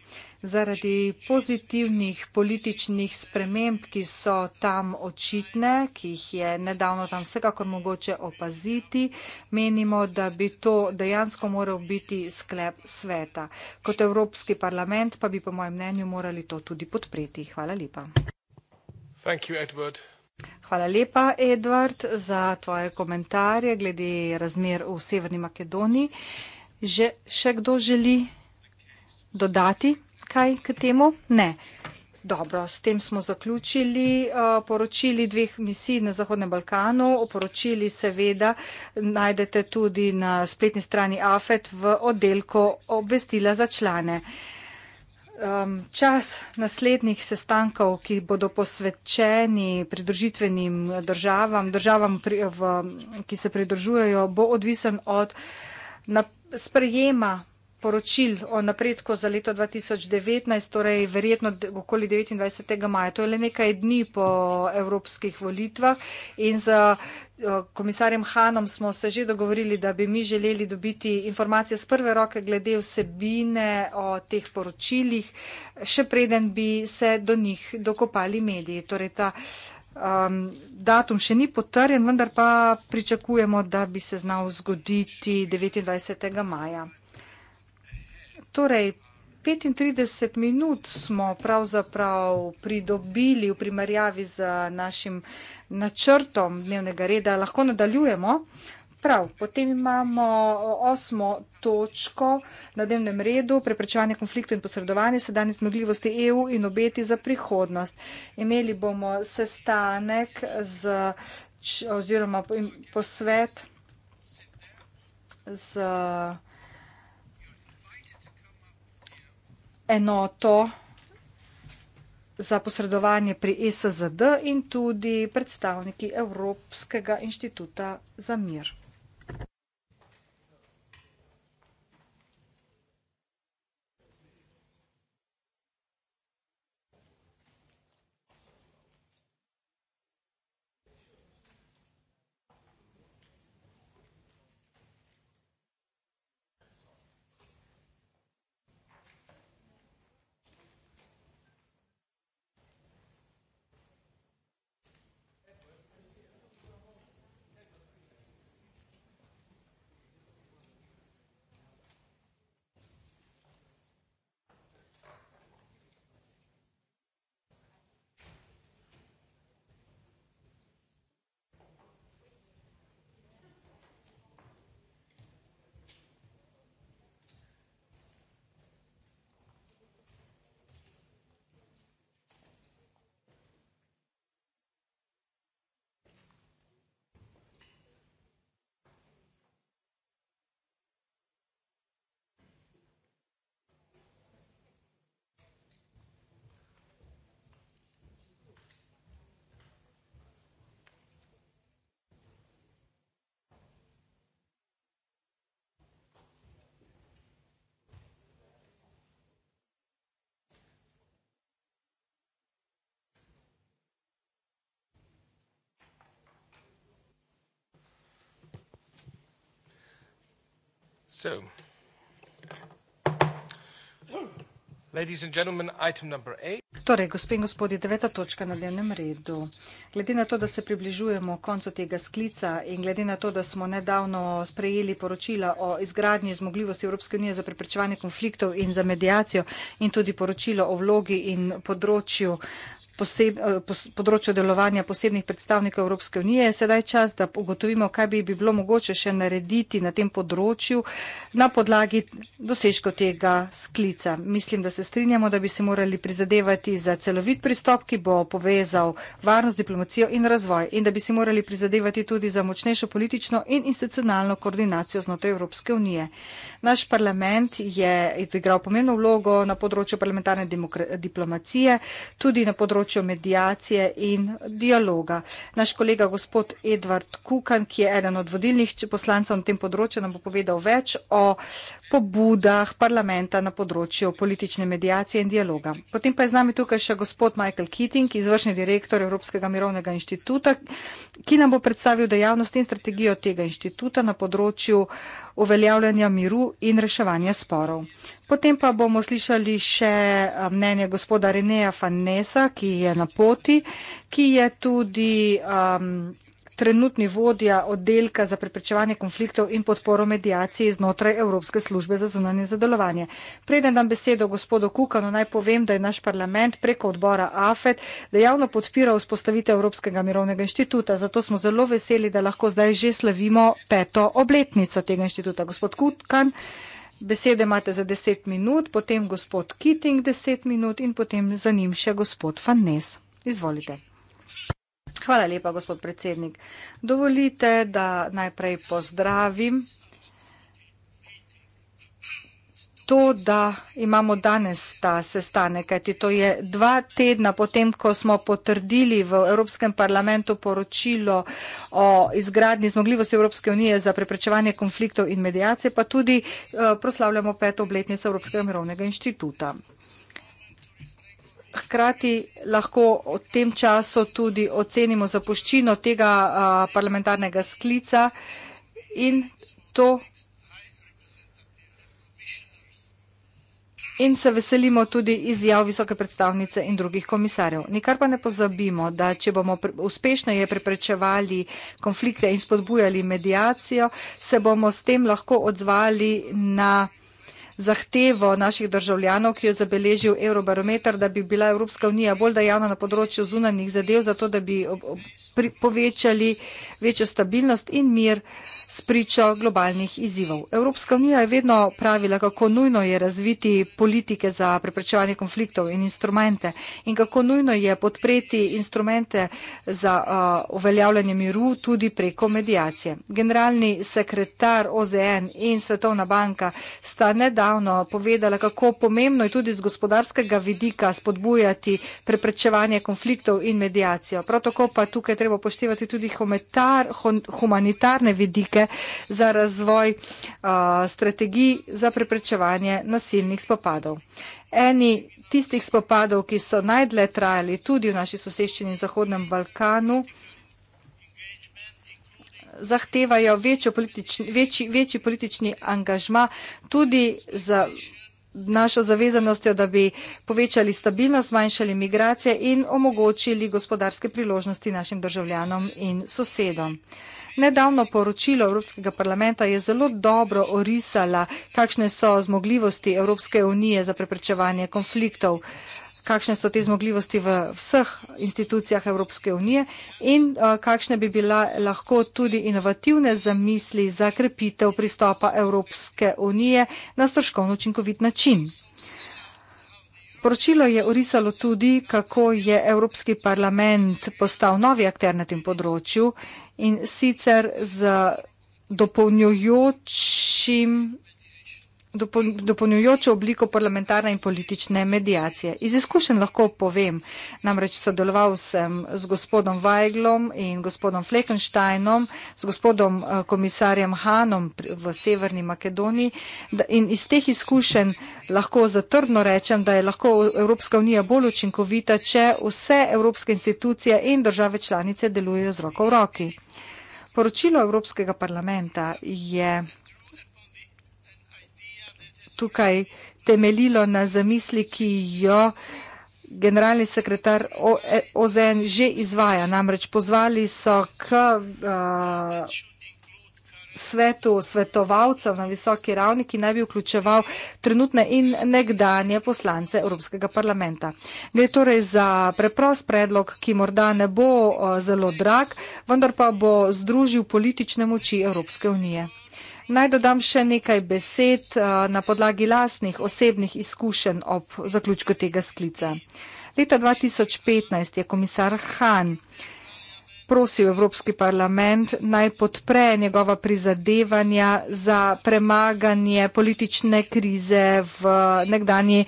zaradi pozitivnih političnih sprememb, ki so tam očitne, ki jih je nedavno tam vsekakor mogoče opaziti, menimo, da bi to dejansko moral biti sklep sveta. Kot Evropski parlament pa bi po mojem mnenju morali to tudi podpreti. Hvala lepa. Hvala lepa, Edward, za tvoje komentarje glede razmer v Severni Makedoniji. Že še kdo želi dodati? kaj k temu? Ne. Dobro, s tem smo zaključili eh, poročili dveh misij na Zahodnem Balkanu. Poročili seveda najdete tudi na spletni strani AFET v oddelku obvestila za člane. Čas naslednjih sestankov, ki bodo posvečeni pridružitvenim državam, državam, ki se pridružujejo, bo odvisen od sprejema poročil o napredku za leto 2019, torej verjetno okoli 29. maja. To je le nekaj dni po evropskih volitvah in z eh, komisarjem Hanom smo se že dogovorili, da bi mi želeli dobiti informacije z prve roke glede vsebine o teh poročilih, še preden bi se do njih dokopali mediji. Torej ta Um, datum še ni potrjen, vendar pa pričakujemo, da bi se znal zgoditi 29. maja. Torej, 35 minut smo pravzaprav pridobili v primerjavi z našim načrtom dnevnega reda, lahko nadaljujemo. Prav, potem imamo osmo točko na dnevnem redu, preprečevanje konfliktov in posredovanje sedanje zmogljivosti EU in obeti za prihodnost. Imeli bomo sestanek z, oziroma posvet z. enoto za posredovanje pri ESZD in tudi predstavniki Evropskega inštituta za mir. So, Torej, gospe in gospodje, deveta točka na dnevnem redu. Glede na to, da se približujemo koncu tega sklica in glede na to, da smo nedavno sprejeli poročila o izgradnji zmogljivosti Evropske unije za preprečevanje konfliktov in za medijacijo in tudi poročilo o vlogi in področju poseb, eh, pos, področju delovanja posebnih predstavnikov Evropske unije. Sedaj je čas, da ugotovimo, kaj bi, bi bilo mogoče še narediti na tem področju na podlagi dosežko tega sklica. Mislim, da se strinjamo, da bi se morali prizadevati za celovit pristop, ki bo povezal varnost, diplomacijo in razvoj in da bi se morali prizadevati tudi za močnejšo politično in institucionalno koordinacijo znotraj Evropske unije. Naš parlament je igral pomembno vlogo na področju parlamentarne diplomacije, tudi na področju področju medijacije in dialoga. Naš kolega gospod Edvard Kukan, ki je eden od vodilnih poslancev na tem področju, nam bo povedal več o pobudah parlamenta na področju politične medijacije in dialoga. Potem pa je z nami tukaj še gospod Michael Keating, izvršni direktor Evropskega mirovnega inštituta, ki nam bo predstavil dejavnost in strategijo tega inštituta na področju uveljavljanja miru in reševanja sporov. Potem pa bomo slišali še eh, mnenje gospoda Reneja Fannesa, ki je na poti, ki je tudi. Um, trenutni vodja oddelka za preprečevanje konfliktov in podporo medijaciji znotraj Evropske službe za zunanje zadelovanje. Preden dam besedo gospodu Kukanu, naj povem, da je naš parlament preko odbora AFET dejavno podpiral vzpostavitev Evropskega mirovnega inštituta, zato smo zelo veseli, da lahko zdaj že slavimo peto obletnico tega inštituta. Gospod Kukan. Besede imate za 10 minut, potem gospod Kitting 10 minut in potem za njim še gospod Fannes. Izvolite. Hvala lepa, gospod predsednik. Dovolite, da najprej pozdravim to, da imamo danes ta sestanek, kajti to je dva tedna potem, ko smo potrdili v Evropskem parlamentu poročilo o izgradni zmogljivosti Evropske unije za preprečevanje konfliktov in medijacije, pa tudi uh, proslavljamo peto obletnico Evropskega mirovnega inštituta hkrati lahko v tem času tudi ocenimo zapuščino tega parlamentarnega sklica in to in se veselimo tudi izjav visoke predstavnice in drugih komisarjev. Nikar pa ne pozabimo, da če bomo uspešno je preprečevali konflikte in spodbujali medijacijo, se bomo s tem lahko odzvali na vse, zahtevo naših državljanov, ki jo je zabeležil Eurobarometer, da bi bila Evropska unija bolj dejavna na področju zunanjih zadev, zato da bi povečali večjo stabilnost in mir spričo globalnih izzivov. Evropska unija je vedno pravila, kako nujno je razviti politike za preprečevanje konfliktov in instrumente in kako nujno je podpreti instrumente za uh, uveljavljanje miru tudi preko medijacije. Generalni sekretar OZN in Svetovna banka sta nedavno povedala, kako pomembno je tudi z gospodarskega vidika spodbujati preprečevanje konfliktov in medijacijo. Prav tako pa tukaj treba poštevati tudi humanitarne vidike za razvoj uh, strategij za preprečevanje nasilnih spopadov. Eni tistih spopadov, ki so najdlje trajali tudi v naši soseščini in Zahodnem Balkanu, zahtevajo večji politični, večji, večji politični angažma tudi za našo zavezanostjo, da bi povečali stabilnost, zmanjšali migracije in omogočili gospodarske priložnosti našim državljanom in sosedom. Uh, Nedavno poročilo Evropskega parlamenta je zelo dobro orisala, kakšne so zmogljivosti Evropske unije za preprečevanje konfliktov kakšne so te zmogljivosti v vseh institucijah Evropske unije in eh, kakšne bi bila lahko tudi inovativne zamisli za krepitev pristopa Evropske unije na stroškovno učinkovit način. Poročilo je orisalo tudi, kako je Evropski parlament postal novi akter na tem področju in sicer z dopolnjujočim dopolnjujočo obliko parlamentarne in politične medijacije. Iz izkušenj lahko povem, namreč sodeloval sem z gospodom Weiglom in gospodom Fleckensteinom, z gospodom eh, komisarjem Hanom v Severni Makedoniji in iz teh izkušenj lahko zatrdno rečem, da je lahko Evropska unija bolj učinkovita, če vse evropske institucije in države članice delujejo z roko v roki. Poročilo Evropskega parlamenta je tukaj temeljilo na zamisli, ki jo generalni sekretar OZN e, že izvaja. Namreč pozvali so k uh, svetu svetovalcev na visoki ravni, ki naj bi vključeval trenutne in nekdanje poslance Evropskega parlamenta. Gre torej za preprost predlog, ki morda ne bo uh, zelo drag, vendar pa bo združil politične moči Evropske unije. Naj dodam še nekaj besed eh, na podlagi lastnih osebnih izkušenj ob zaključku tega sklica. Leta 2015 je komisar Han prosil Evropski parlament naj podpre njegova prizadevanja za premaganje politične krize v nekdanji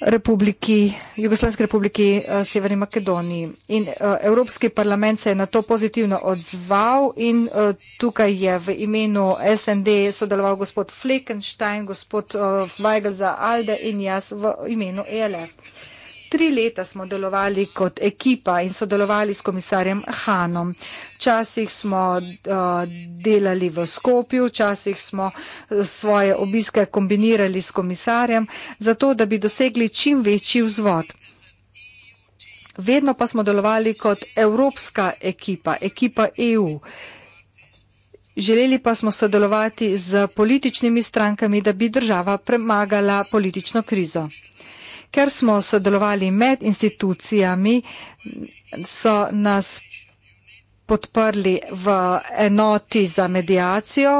republiki, Jugoslavijski republiki uh, Severni Makedoniji. In uh, Evropski parlament se je na to pozitivno odzval in uh, tukaj je v imenu SND sodeloval gospod Fleckenstein, gospod uh, Weigel za Alde in jaz v imenu ELS. Uh, Tri leta smo delovali kot ekipa in sodelovali s komisarjem Hanom. Včasih smo uh, delali v Skopju, včasih smo eh, svoje obiske kombinirali s komisarjem, zato da bi dosegli čim večji vzvod. Vedno pa smo delovali kot evropska ekipa, ekipa EU. Želeli pa smo sodelovati z političnimi strankami, da bi država premagala politično krizo ker smo sodelovali med institucijami, so nas podprli v enoti za medijacijo,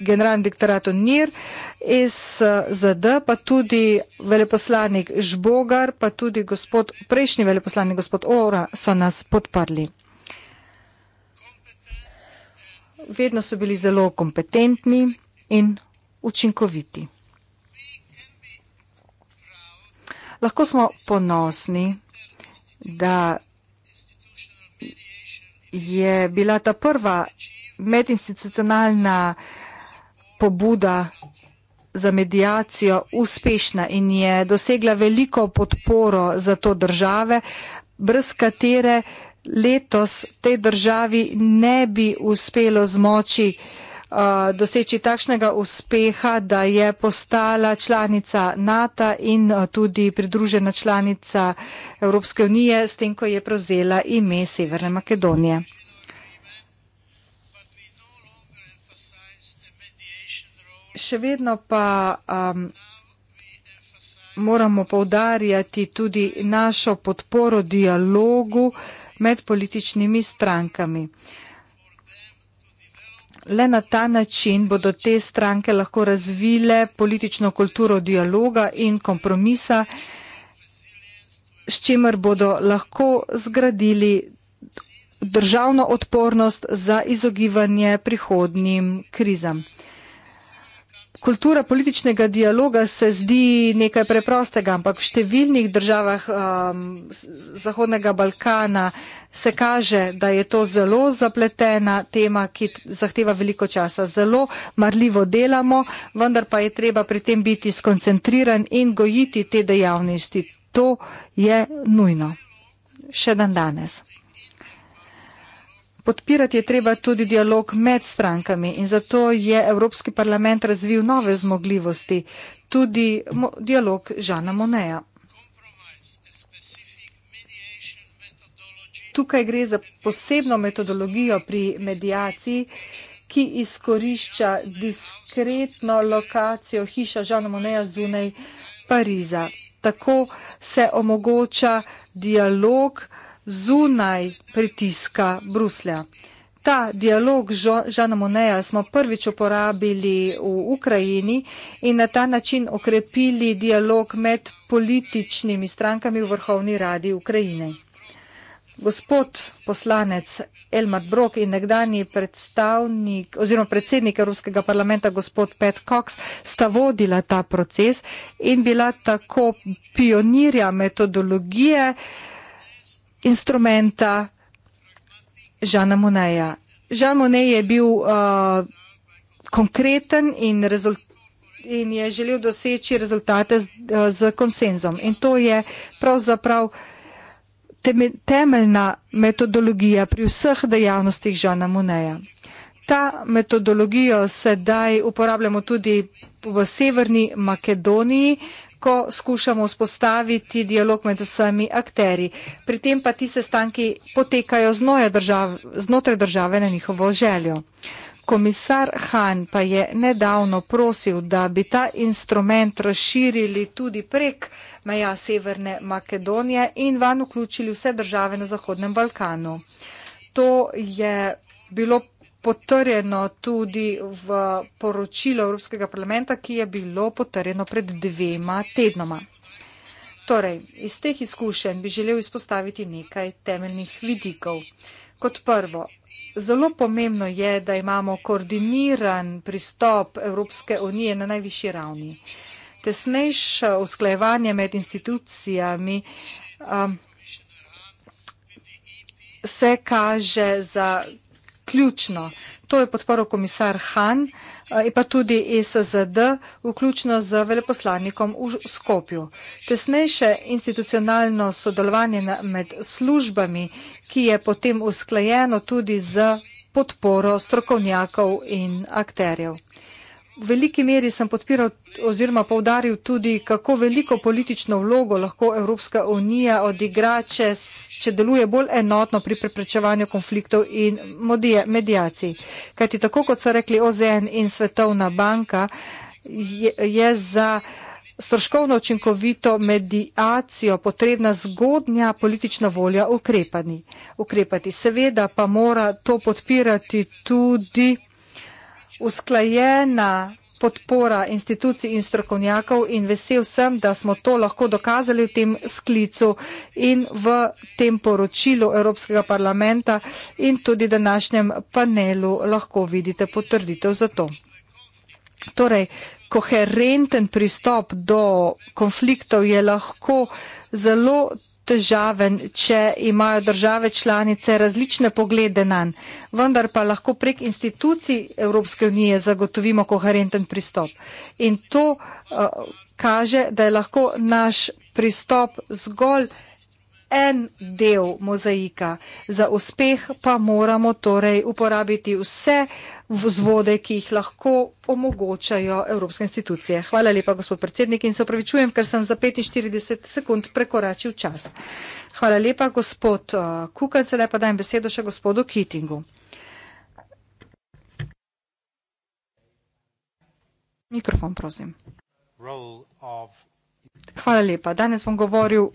generalni diktoratu NIR, SZD, pa tudi veleposlanik Žbogar, pa tudi gospod, prejšnji veleposlanik gospod Ora so nas podprli. Vedno so bili zelo kompetentni in učinkoviti. lahko smo ponosni, da je bila ta prva medinstitucionalna pobuda za medijacijo uspešna in je dosegla veliko podporo za to države, brez katere letos tej državi ne bi uspelo zmoči uh, Eh, doseči takšnega uspeha, da je postala članica NATO in eh, tudi pridružena članica Evropske unije, s tem, ko je prevzela ime Severne Makedonije. Še vedno pa um, moramo povdarjati tudi našo podporo dialogu med političnimi strankami. Uh, Le na ta način bodo te stranke lahko razvile politično kulturo dialoga in kompromisa, s čimer bodo lahko zgradili državno odpornost za izogivanje prihodnim krizam. Kultura političnega dialoga se zdi nekaj preprostega, ampak v številnih državah um, Zahodnega Balkana se kaže, da je to zelo zapletena tema, ki zahteva veliko časa. Zelo marljivo delamo, vendar pa je treba pri tem biti skoncentriran in gojiti te dejavnosti. To je nujno. Še dan danes podpirati je treba tudi dialog med strankami in zato je Evropski parlament razvil nove zmogljivosti, tudi dialog Žana Moneja. Tukaj gre za posebno metodologijo pri medijaciji, ki izkorišča diskretno lokacijo hiša Žana Moneja zunaj Pariza. Tako se omogoča dialog, ki je vsega, zunaj pritiska Bruslja. Ta dialog Žana Moneja smo prvič uporabili v Ukrajini in na ta način okrepili dialog med političnimi strankami v Vrhovni radi Ukrajine. Gospod poslanec Elmar Brok in nekdani predstavnik oziroma predsednik Evropskega parlamenta gospod Pat Cox sta vodila ta proces in bila tako pionirja metodologije, uh, instrumenta Žana Moneja. Žan Monej je bil uh, konkreten in, in je želel doseči rezultate z, uh, z konsenzom. In to je pravzaprav temeljna metodologija pri vseh dejavnostih Žana Moneja. Ta metodologijo sedaj uporabljamo tudi v Severni Makedoniji, ko skušamo vzpostaviti dialog med vsemi akteri. Pri tem pa ti sestanki potekajo držav, znotraj države na njihovo željo. Komisar Han pa je nedavno prosil, da bi ta instrument razširili tudi prek meja Severne Makedonije in van vključili vse države na Zahodnem Balkanu. To je bilo potrjeno tudi v poročilo Evropskega parlamenta, ki je bilo potrjeno pred dvema tednoma. Torej, iz teh izkušenj bi želel izpostaviti nekaj temeljnih vidikov. Kot prvo, zelo pomembno je, da imamo koordiniran pristop Evropske unije na najvišji ravni. Tesnejše usklajevanje med institucijami um, se kaže za ključno. To je podporo komisar Han eh, in pa tudi SZD, vključno z veleposlanikom v Skopju. Tesnejše institucionalno sodelovanje med službami, ki je potem usklajeno tudi z podporo strokovnjakov in akterjev. V veliki meri sem podpiral oziroma povdaril tudi, kako veliko politično vlogo lahko Evropska unija odigra, če se če deluje bolj enotno pri preprečevanju konfliktov in medijaciji. Kajti tako kot so rekli OZN in Svetovna banka, je, je za stroškovno učinkovito medijacijo potrebna zgodnja politična volja ukrepani, ukrepati. Seveda pa mora to podpirati tudi usklajena podpora institucij in strokovnjakov in vesel sem, da smo to lahko dokazali v tem sklicu in v tem poročilu Evropskega parlamenta in tudi današnjem panelu lahko vidite potrditev za to. Torej, koherenten pristop do konfliktov je lahko zelo težaven, če imajo države članice različne poglede na nj, vendar pa lahko prek institucij Evropske unije zagotovimo koherenten pristop. In to uh, kaže, da je lahko naš pristop zgolj en del mozaika. Za uspeh pa moramo torej uporabiti vse vzvode, ki jih lahko omogočajo evropske institucije. Hvala lepa, gospod predsednik, in se opravičujem, ker sem za 45 sekund prekoračil čas. Hvala lepa, gospod eh, Kukan, sedaj pa dajem besedo še gospodu Kitingu. Mikrofon, prosim. Hvala lepa. Danes bom govoril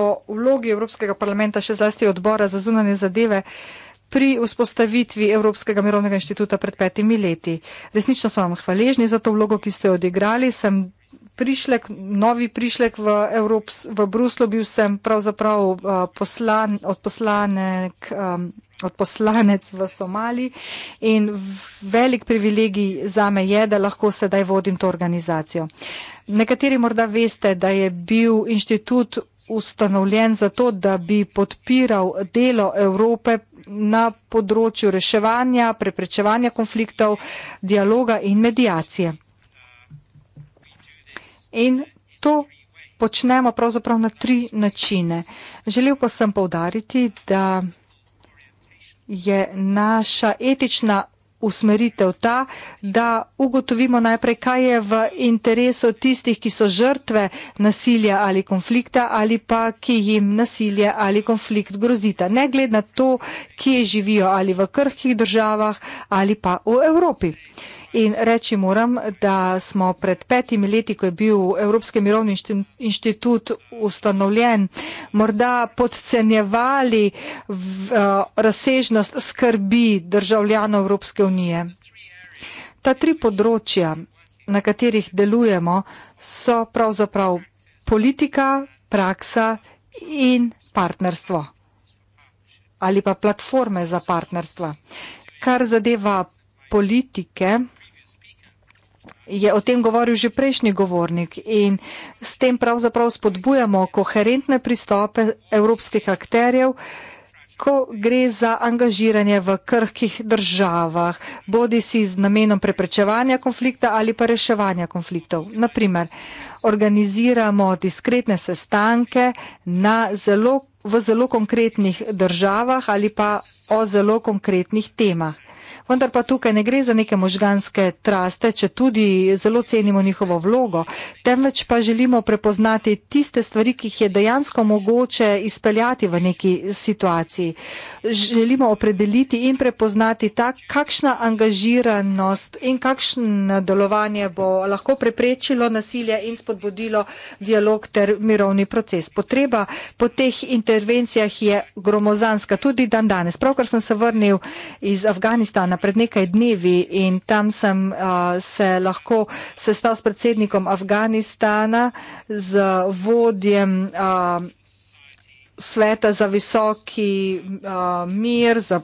o vlogi Evropskega parlamenta, še zlasti odbora za zunanje zadeve pri vzpostavitvi Evropskega mirovnega inštituta pred petimi leti. Resnično smo vam hvaležni za to vlogo, ki ste jo odigrali. Sem prišlek, novi prišlek v, Evrops, v Bruslu, bil sem pravzaprav uh, poslan, od poslanek. Um, od poslanec v Somaliji in velik privilegij za me je, da lahko sedaj vodim to organizacijo. Nekateri morda veste, da je bil inštitut ustanovljen zato, da bi podpiral delo Evrope na področju reševanja, preprečevanja konfliktov, dialoga in medijacije. In to počnemo pravzaprav na tri načine. Želel pa sem povdariti, da je naša etična usmeritev ta, da ugotovimo najprej, kaj je v interesu tistih, ki so žrtve nasilja ali konflikta ali pa ki jim nasilje ali konflikt grozita. Ne glede na to, kje živijo ali v krhkih državah ali pa v Evropi. In reči moram, da smo pred petimi leti, ko je bil Evropski mirovni inštitut ustanovljen, morda podcenjevali v, uh, razsežnost skrbi državljanov Evropske unije. Ta tri področja, na katerih delujemo, so pravzaprav politika, praksa in partnerstvo ali pa platforme za partnerstva. Kar zadeva politike, je o tem govoril že prejšnji govornik in s tem pravzaprav spodbujamo koherentne pristope evropskih akterjev, ko gre za angažiranje v krhkih državah, bodi si z namenom preprečevanja konflikta ali pa reševanja konfliktov. Naprimer, organiziramo diskretne sestanke na zelo v zelo konkretnih državah ali pa o zelo konkretnih temah vendar pa tukaj ne gre za neke možganske traste, če tudi zelo cenimo njihovo vlogo, temveč pa želimo prepoznati tiste stvari, ki jih je dejansko mogoče izpeljati v neki situaciji. Želimo opredeliti in prepoznati ta, kakšna angažiranost in kakšno delovanje bo lahko preprečilo nasilje in spodbudilo dialog ter mirovni proces. Potreba po teh intervencijah je gromozanska, tudi dan danes. Pravkar sem se vrnil iz Afganistana, pred nekaj dnevi in tam sem uh, se lahko sestal s predsednikom Afganistana, z vodjem uh, sveta za visoki uh, mir, za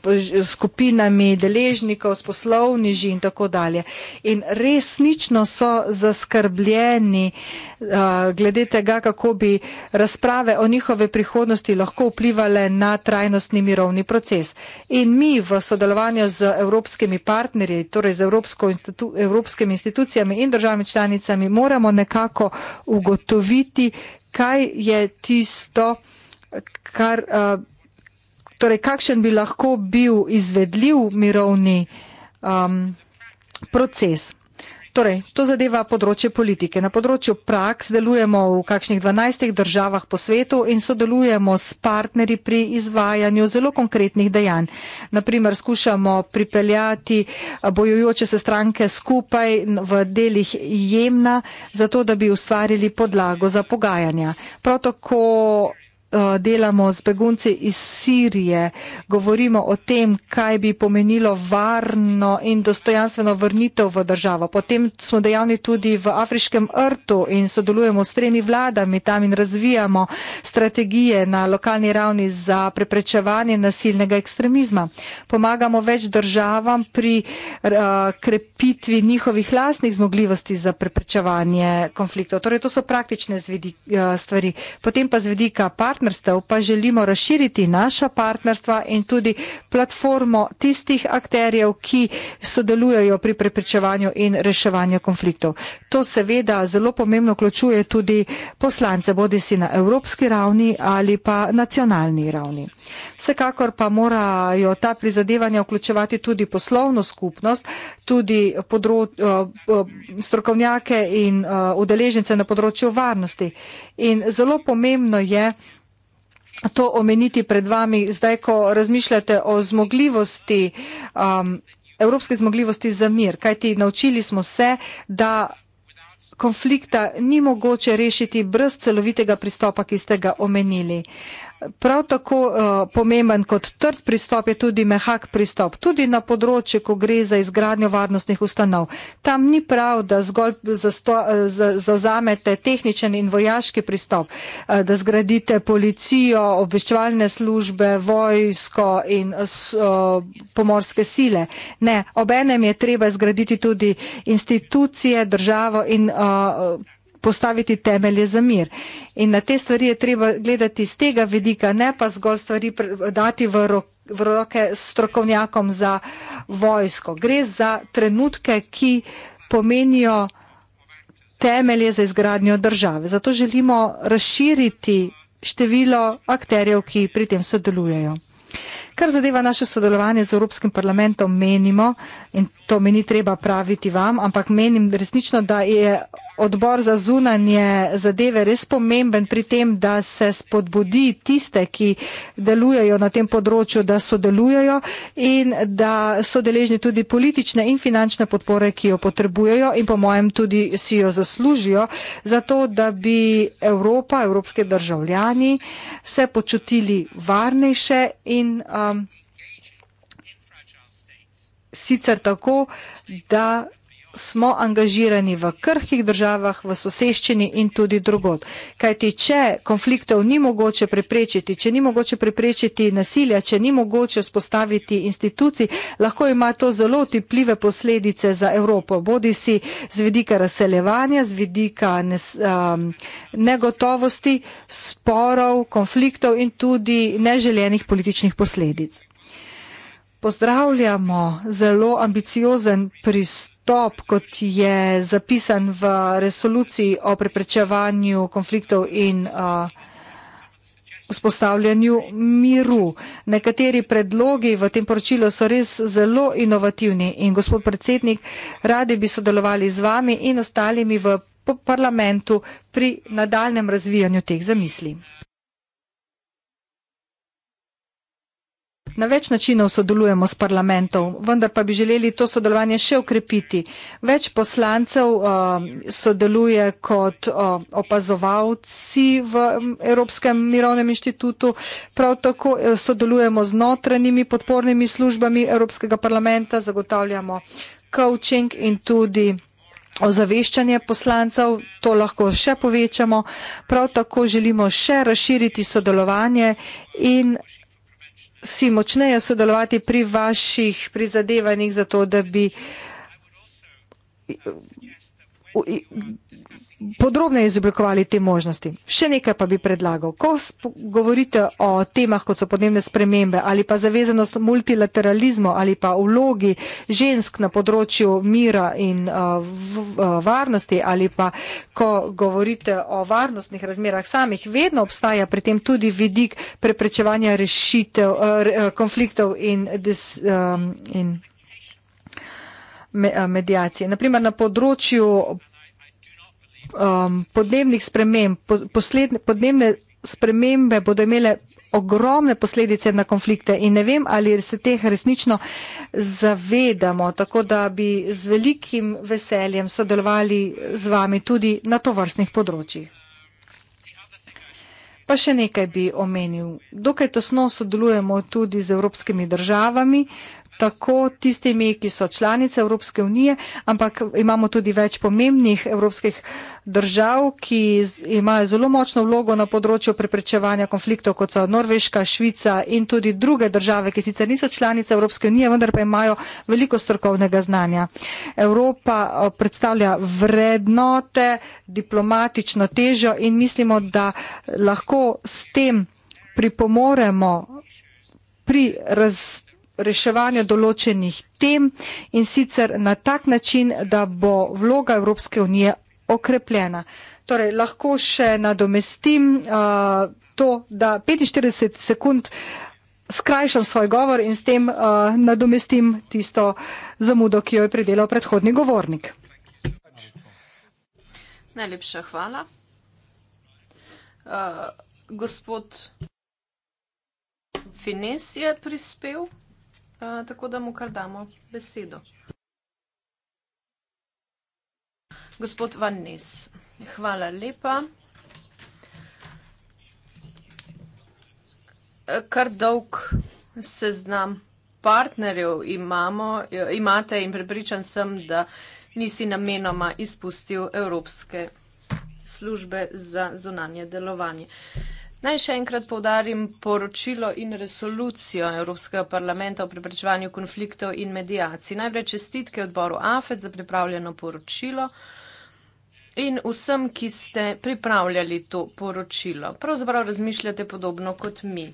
skupinami deležnikov, s poslovniži in tako dalje. In resnično so zaskrbljeni uh, glede tega, kako bi razprave o njihove prihodnosti lahko vplivale na trajnostni mirovni proces. In mi v sodelovanju z evropskimi partnerji, torej z institu evropskimi institucijami in državami članicami, moramo nekako ugotoviti, kaj je tisto, kar, eh, torej kakšen bi lahko bil izvedljiv mirovni um, proces. Torej, to zadeva področje politike. Na področju praks delujemo v kakšnih 12 državah po svetu in sodelujemo s partnerji pri izvajanju zelo konkretnih dejanj. Naprimer, skušamo pripeljati eh, bojujoče se stranke skupaj v delih jemna, zato da bi ustvarili podlago za pogajanja. Prav tako Eh, delamo z begunci iz Sirije, govorimo o tem, kaj bi pomenilo varno in dostojanstveno vrnitev v državo. Potem smo dejavni tudi v afriškem rtu in sodelujemo s tremi vladami tam in razvijamo strategije na lokalni ravni za preprečevanje nasilnega ekstremizma. Pomagamo več državam pri uh, krepitvi njihovih lasnih zmogljivosti za preprečevanje konfliktov. Torej, to so praktične zvedi, uh, stvari. Potem pa z vidika partnerstva, partnerstev pa želimo razširiti naša partnerstva in tudi platformo tistih akterjev, ki sodelujejo pri preprečevanju in reševanju konfliktov. To seveda zelo pomembno vključuje tudi poslance, bodi si na evropski ravni ali pa nacionalni ravni. Vsekakor pa morajo ta prizadevanja vključevati tudi poslovno skupnost, tudi podro, eh, eh, strokovnjake in eh, udeležence na področju varnosti. In zelo pomembno je, to omeniti pred vami, zdaj, ko razmišljate o zmogljivosti, um, evropske zmogljivosti za mir, kajti naučili smo se, da konflikta ni mogoče rešiti brez celovitega pristopa, ki ste ga omenili. Uh, Prav tako uh, pomemben kot trd pristop je tudi mehak pristop, tudi na področju, ko gre za izgradnjo varnostnih ustanov. Tam ni prav, da zgolj zauzamete tehničen in vojaški pristop, uh, da zgradite policijo, obveščevalne službe, vojsko in uh, pomorske sile. Ne, obenem je treba zgraditi tudi institucije, državo in. Uh, postaviti temelje za mir. In na te stvari je treba gledati z tega vidika, ne pa zgolj stvari dati v roke v roke strokovnjakom za vojsko. Gre za trenutke, ki pomenijo temelje za izgradnjo države. Zato želimo razširiti število akterjev, ki pri tem sodelujejo. Kar zadeva naše sodelovanje z Evropskim parlamentom, menimo, in to mi ni treba praviti vam, ampak menim resnično, da je odbor za zunanje zadeve res pomemben pri tem, da se spodbudi tiste, ki delujejo na tem področju, da sodelujejo in da so deležni tudi politične in finančne podpore, ki jo potrebujejo in po mojem tudi si jo zaslužijo, zato da bi Evropa, evropske državljani se počutili varnejše in um, sicer tako, da smo angažirani v krhkih državah, v soseščini in tudi drugod. Kajti, če konfliktov ni mogoče preprečiti, če ni mogoče preprečiti nasilja, če ni mogoče spostaviti institucij, lahko ima to zelo tipljive posledice za Evropo. Bodi si z vidika razseljevanja, z vidika nes, um, negotovosti, sporov, konfliktov in tudi neželjenih političnih posledic pozdravljamo zelo ambiciozen pristop, kot je zapisan v resoluciji o preprečevanju konfliktov in uh, vzpostavljanju miru. Nekateri predlogi v tem poročilu so res zelo inovativni in gospod predsednik, radi bi sodelovali z vami in ostalimi v parlamentu pri nadaljem razvijanju teh zamisli. Na več načinov sodelujemo s parlamentom, vendar pa bi želeli to sodelovanje še ukrepiti. Več poslancev uh, sodeluje kot uh, opazovalci v Evropskem mirovnem inštitutu, prav tako eh, sodelujemo z notranjimi podpornimi službami Evropskega parlamenta, zagotavljamo coaching in tudi. Ozaveščanje poslancev, to lahko še povečamo. Prav tako želimo še razširiti sodelovanje in si močneje sodelovati pri vaših prizadevanjih za to, da bi podrobneje izoblikovali te možnosti. Še nekaj pa bi predlagal. Ko govorite o temah, kot so podnebne spremembe ali pa zavezanost multilateralizmu ali pa vlogi žensk na področju mira in uh, v, uh, varnosti ali pa ko govorite o varnostnih razmerah samih, vedno obstaja pri tem tudi vidik preprečevanja rešitev, uh, konfliktov in. Dis, um, in medijacije. Naprimer, na področju um, podnebnih sprememb, po, podnebne spremembe bodo imele ogromne posledice na konflikte in ne vem, ali se teh resnično zavedamo, tako da bi z velikim veseljem sodelovali z vami tudi na tovrstnih področjih. Pa še nekaj bi omenil. Dokaj tesno sodelujemo tudi z evropskimi državami, tako tistimi, ki so članice Evropske unije, ampak imamo tudi več pomembnih evropskih držav, ki imajo zelo močno vlogo na področju preprečevanja konfliktov, kot so Norveška, Švica in tudi druge države, ki sicer niso članice Evropske unije, vendar pa imajo veliko strokovnega znanja. Evropa eh, predstavlja vrednote, diplomatično težo in mislimo, da lahko s tem pripomoremo pri razpravljanju reševanju določenih tem in sicer na tak način, da bo vloga Evropske unije okrepljena. Torej, lahko še nadomestim uh, to, da 45 sekund skrajšam svoj govor in s tem uh, nadomestim tisto zamudo, ki jo je pridelal predhodni govornik. Najlepša hvala. Uh, gospod Fines je prispel tako da mu kar damo besedo. Gospod Van Nes, hvala lepa. Kar dolg seznam partnerjev imamo, imate in prepričan sem, da nisi namenoma izpustil Evropske službe za zunanje delovanje. Uh, Naj še enkrat povdarim poročilo in resolucijo Evropskega parlamenta o preprečevanju konfliktov in medijaciji. Najprej čestitke odboru AFED za pripravljeno poročilo. In vsem, ki ste pripravljali to poročilo, pravzaprav razmišljate podobno kot mi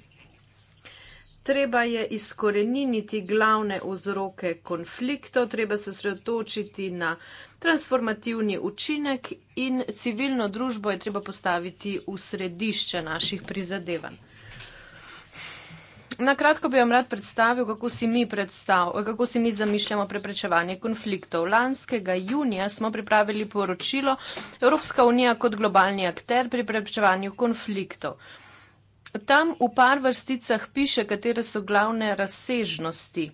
treba je izkoreniniti glavne vzroke konfliktov, treba se osredotočiti na transformativni učinek in civilno družbo je treba postaviti v središče naših prizadevanj. Na kratko bi vam rad predstavil, kako si mi, predstav, kako si mi zamišljamo preprečevanje konfliktov. Lanskega junija smo pripravili poročilo Evropska unija kot globalni akter pri preprečevanju konfliktov tam v par vrsticah piše, katere so glavne razsežnosti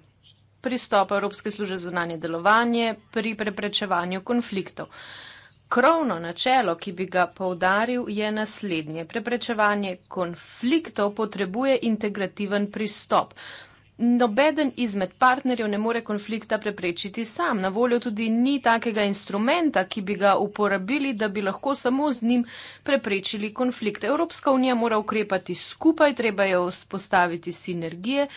pristopa Evropske službe za zunanje delovanje pri preprečevanju konfliktov. Krovno načelo, ki bi ga povdaril, je naslednje. Preprečevanje konfliktov potrebuje integrativen pristop. Nobeden izmed partnerjev ne more konflikta preprečiti sam. Na voljo tudi ni takega instrumenta, ki bi ga uporabili, da bi lahko samo z njim preprečili konflikt. Evropska unija mora ukrepati skupaj, treba je vzpostaviti sinergije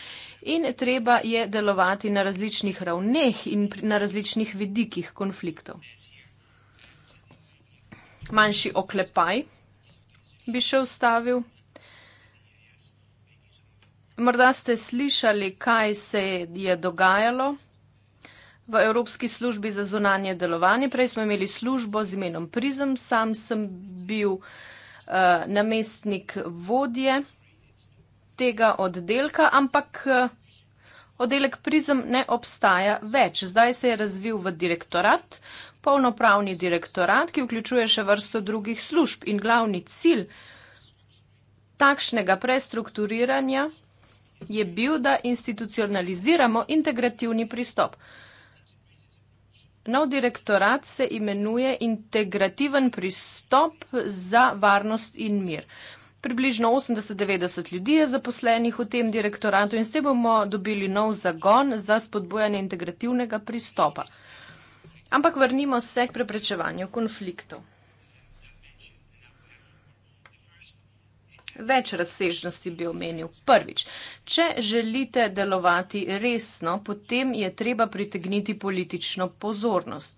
in treba je delovati na različnih ravneh in na različnih vidikih konfliktov. Manjši oklepaj bi še ustavil. Morda ste slišali, kaj se je dogajalo v Evropski službi za zunanje delovanje. Prej smo imeli službo z imenom Prizem, sam sem bil uh, namestnik vodje tega oddelka, ampak eh, oddelek Prizem ne obstaja več. Zdaj se je razvil v direktorat, polnopravni direktorat, ki vključuje še vrsto drugih služb in glavni cilj takšnega prestrukturiranja je bil, da institucionaliziramo integrativni pristop. Nov direktorat se imenuje integrativen pristop za varnost in mir. Približno 80-90 ljudi je zaposlenih v tem direktoratu in se bomo dobili nov zagon za spodbojanje integrativnega pristopa. Ampak vrnimo se k preprečevanju konfliktov. več razsežnosti bi omenil. Prvič, če želite delovati resno, potem je treba pritegniti politično pozornost.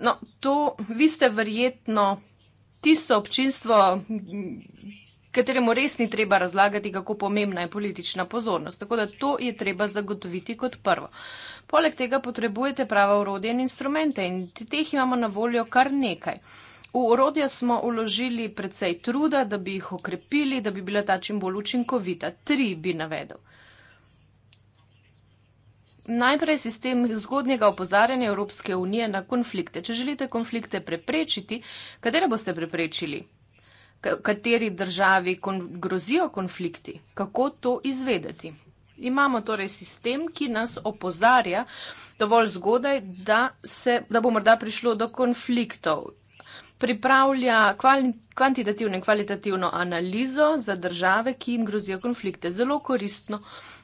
No, to vi ste verjetno tisto občinstvo, kateremu res ni treba razlagati, kako pomembna je politična pozornost. Tako da to je treba zagotoviti kot prvo. Poleg tega potrebujete prava urodje in instrumente in teh imamo na voljo kar nekaj. V orodja smo uložili precej truda, da bi jih okrepili, da bi bila ta čim bolj učinkovita. Tri bi navedel. Najprej sistem zgodnjega opozarjanja Evropske unije na konflikte. Če želite konflikte preprečiti, katere boste preprečili? K kateri državi kon grozijo konflikti? Kako to izvedeti? Imamo torej sistem, ki nas opozarja dovolj zgodaj, da, se, da bo morda prišlo do konfliktov pripravlja kvantitativno in kvalitativno analizo za države, ki jim grozijo konflikte. Zelo koristno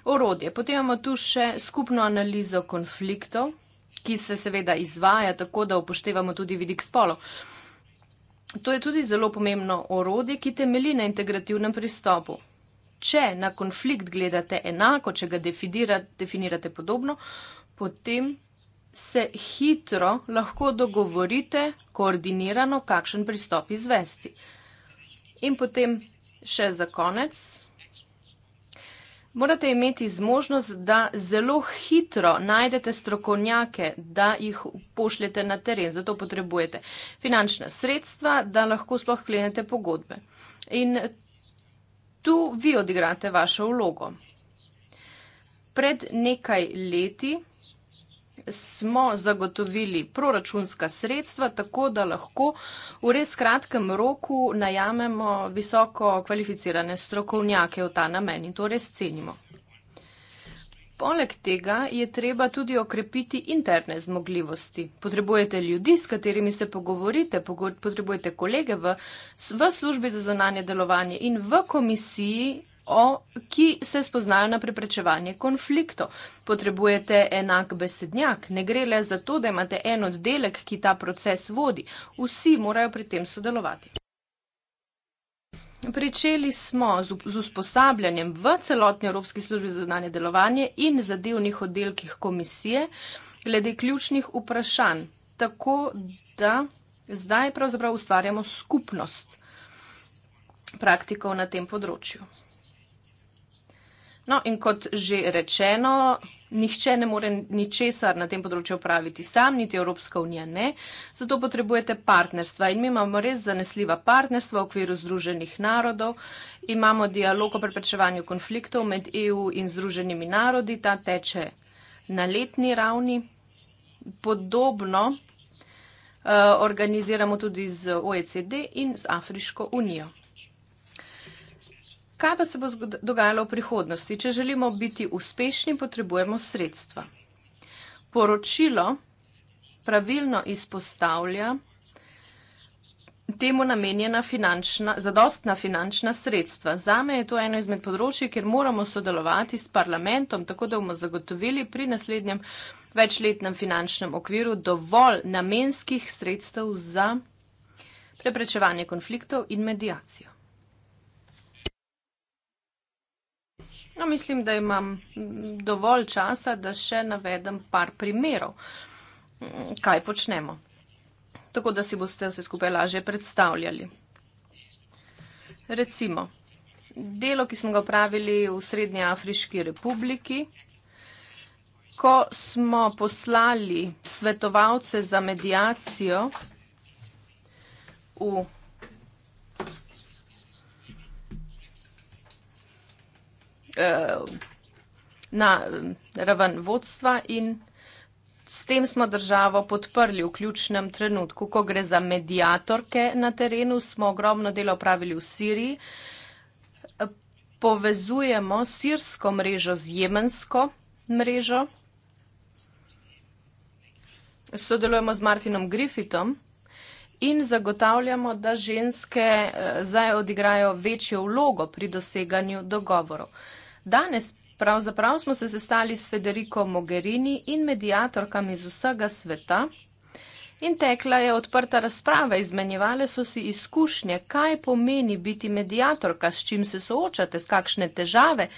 orodje. Potem imamo tu še skupno analizo konfliktov, ki se seveda izvaja tako, da upoštevamo tudi vidik spolov. To je tudi zelo pomembno orodje, ki temelji na integrativnem pristopu. Če na konflikt gledate enako, če ga definirate podobno, potem se hitro lahko dogovorite, koordinirano, kakšen pristop izvesti. In potem še za konec. Morate imeti zmožnost, da zelo hitro najdete strokovnjake, da jih pošljete na teren. Zato potrebujete finančna sredstva, da lahko sploh sklenete pogodbe. In tu vi odigrate vašo vlogo. Pred nekaj leti smo zagotovili proračunska sredstva, tako da lahko v res kratkem roku najamemo visoko kvalificirane strokovnjake v ta namen in to res cenimo. Poleg tega je treba tudi okrepiti interne zmogljivosti. Potrebujete ljudi, s katerimi se pogovorite, potrebujete kolege v, v službi za zonanje delovanje in v komisiji o, ki se spoznajo na preprečevanje konfliktov. Potrebujete enak besednjak, ne gre le za to, da imate en oddelek, ki ta proces vodi. Vsi morajo pri tem sodelovati. Pričeli smo z, z usposabljanjem v celotni Evropski službi za zadanje delovanje in zadevnih oddelkih komisije glede ključnih vprašanj, tako da zdaj pravzaprav ustvarjamo skupnost praktikov na tem področju. No, in kot že rečeno, nihče ne more ničesar na tem področju upraviti sam, niti Evropska unija ne. Zato potrebujete partnerstva in mi imamo res zanesljiva partnerstva v okviru Združenih narodov. Imamo dialog o preprečevanju konfliktov med EU in Združenimi narodi, ta teče na letni ravni. Podobno uh, organiziramo tudi z OECD in z Afriško unijo. Kaj pa se bo dogajalo v prihodnosti? Če želimo biti uspešni, potrebujemo sredstva. Poročilo pravilno izpostavlja temu namenjena finančna, zadostna finančna sredstva. Zame je to eno izmed področji, kjer moramo sodelovati s parlamentom, tako da bomo zagotovili pri naslednjem večletnem finančnem okviru dovolj namenskih sredstev za preprečevanje konfliktov in medijacijo. No, mislim, da imam dovolj časa, da še navedem par primerov, kaj počnemo. Tako da si boste vse skupaj lažje predstavljali. Recimo, delo, ki smo ga opravili v Srednji Afriški republiki, ko smo poslali svetovalce za medijacijo v uh, na eh, raven vodstva in s tem smo državo podprli v ključnem trenutku. Ko gre za medijatorke na terenu, smo ogromno delo pravili v Siriji. Povezujemo sirsko mrežo z jemensko mrežo. Sodelujemo z Martinom Griffithom in zagotavljamo, da ženske eh, zdaj odigrajo večjo vlogo pri doseganju dogovorov. Danes pravzaprav smo se sestali s Federico Mogherini in medijatorkami iz vsega sveta in tekla je odprta razprava, izmenjevale so si izkušnje, kaj pomeni biti medijatorka, s čim se soočate, s kakšne težave,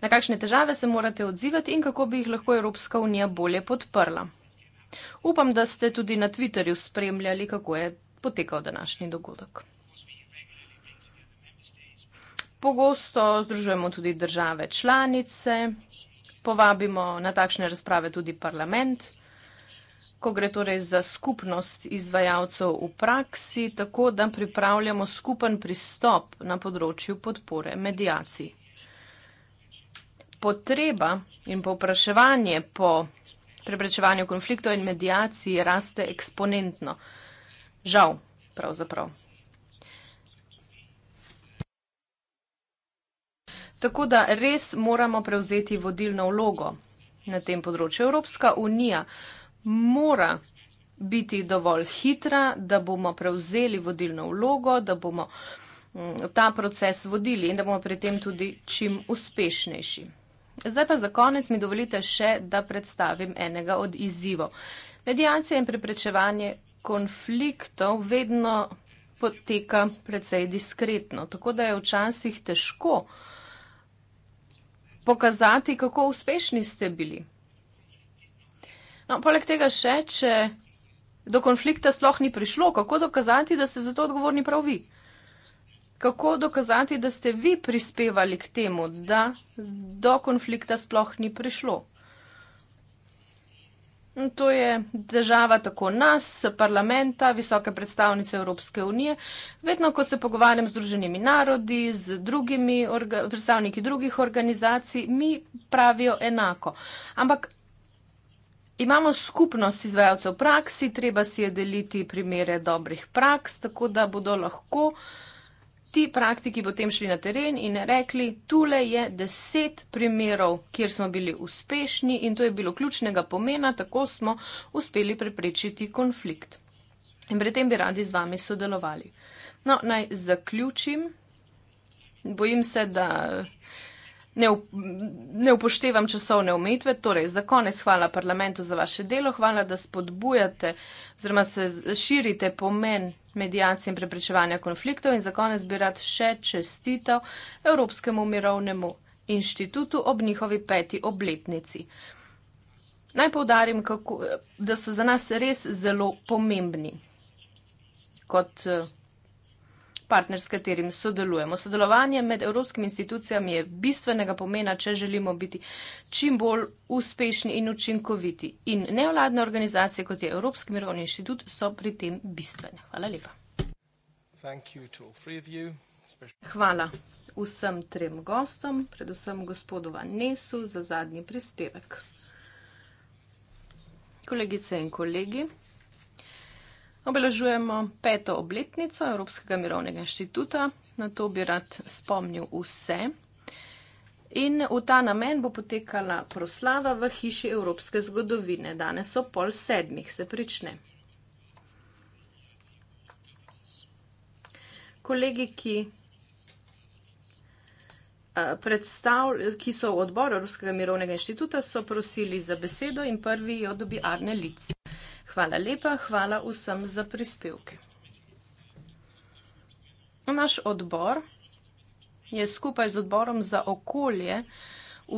na kakšne težave se morate odzivati in kako bi jih lahko Evropska unija bolje podprla. Upam, da ste tudi na Twitterju spremljali, kako je potekal današnji dogodek. Pogosto združujemo tudi države članice, povabimo na takšne razprave tudi parlament, ko gre torej za skupnost izvajalcev v praksi, tako da pripravljamo skupen pristop na področju podpore medijacij. Potreba in povpraševanje po preprečevanju konfliktov in mediaciji raste eksponentno. Žal, pravzaprav. Tako da res moramo prevzeti vodilno vlogo na tem področju. Evropska unija mora biti dovolj hitra, da bomo prevzeli vodilno vlogo, da bomo mm, ta proces vodili in da bomo pri tem tudi čim uspešnejši. Zdaj pa za konec mi dovolite še, da predstavim enega od izzivov. Medijacija in preprečevanje konfliktov vedno poteka precej diskretno, tako da je včasih težko uh, pokazati, kako uspešni ste bili. No, poleg tega še, če do konflikta sploh ni prišlo, kako dokazati, da ste za to odgovorni prav vi? Kako dokazati, da ste vi prispevali k temu, da do konflikta sploh ni prišlo? To je država tako nas, parlamenta, visoke predstavnice Evropske unije. Vedno, ko se pogovarjam z druženimi narodi, z drugimi orga, predstavniki drugih organizacij, mi pravijo enako. Ampak imamo skupnost izvajalcev praksi, treba si je deliti primere dobrih praks, tako da bodo lahko uh, ti praktiki potem šli na teren in rekli, tule je deset primerov, kjer smo bili uspešni in to je bilo ključnega pomena, tako smo uspeli preprečiti konflikt. In pri tem bi radi z vami sodelovali. No, naj zaključim. Bojim se, da ne, up ne upoštevam časovne omejitve. Torej, za konec hvala parlamentu za vaše delo, hvala, da spodbujate oziroma se širite pomen medijacije in preprečevanja konfliktov in za konec bi rad še čestital Evropskemu mirovnemu inštitutu ob njihovi peti obletnici. Naj povdarim, kako, da so za nas res zelo pomembni. Kot partner, s katerim sodelujemo. Sodelovanje med evropskimi institucijami je bistvenega pomena, če želimo biti čim bolj uspešni in učinkoviti. In nevladne organizacije, kot je Evropski mirovni inštitut, so pri tem bistvene. Hvala lepa. Hvala vsem trem gostom, predvsem gospodu Vanesu za zadnji prispevek. Kolegice in kolegi, Obeležujemo peto obletnico Evropskega mirovnega inštituta, na to bi rad spomnil vse. In v ta namen bo potekala proslava v hiši Evropske zgodovine. Danes o pol sedmih se prične. Kolegi, ki, eh, predstav, ki so v odboru Evropskega mirovnega inštituta, so prosili za besedo in prvi jo dobi Arne Lici. Hvala lepa, hvala vsem za prispevke. Naš odbor je skupaj z odborom za okolje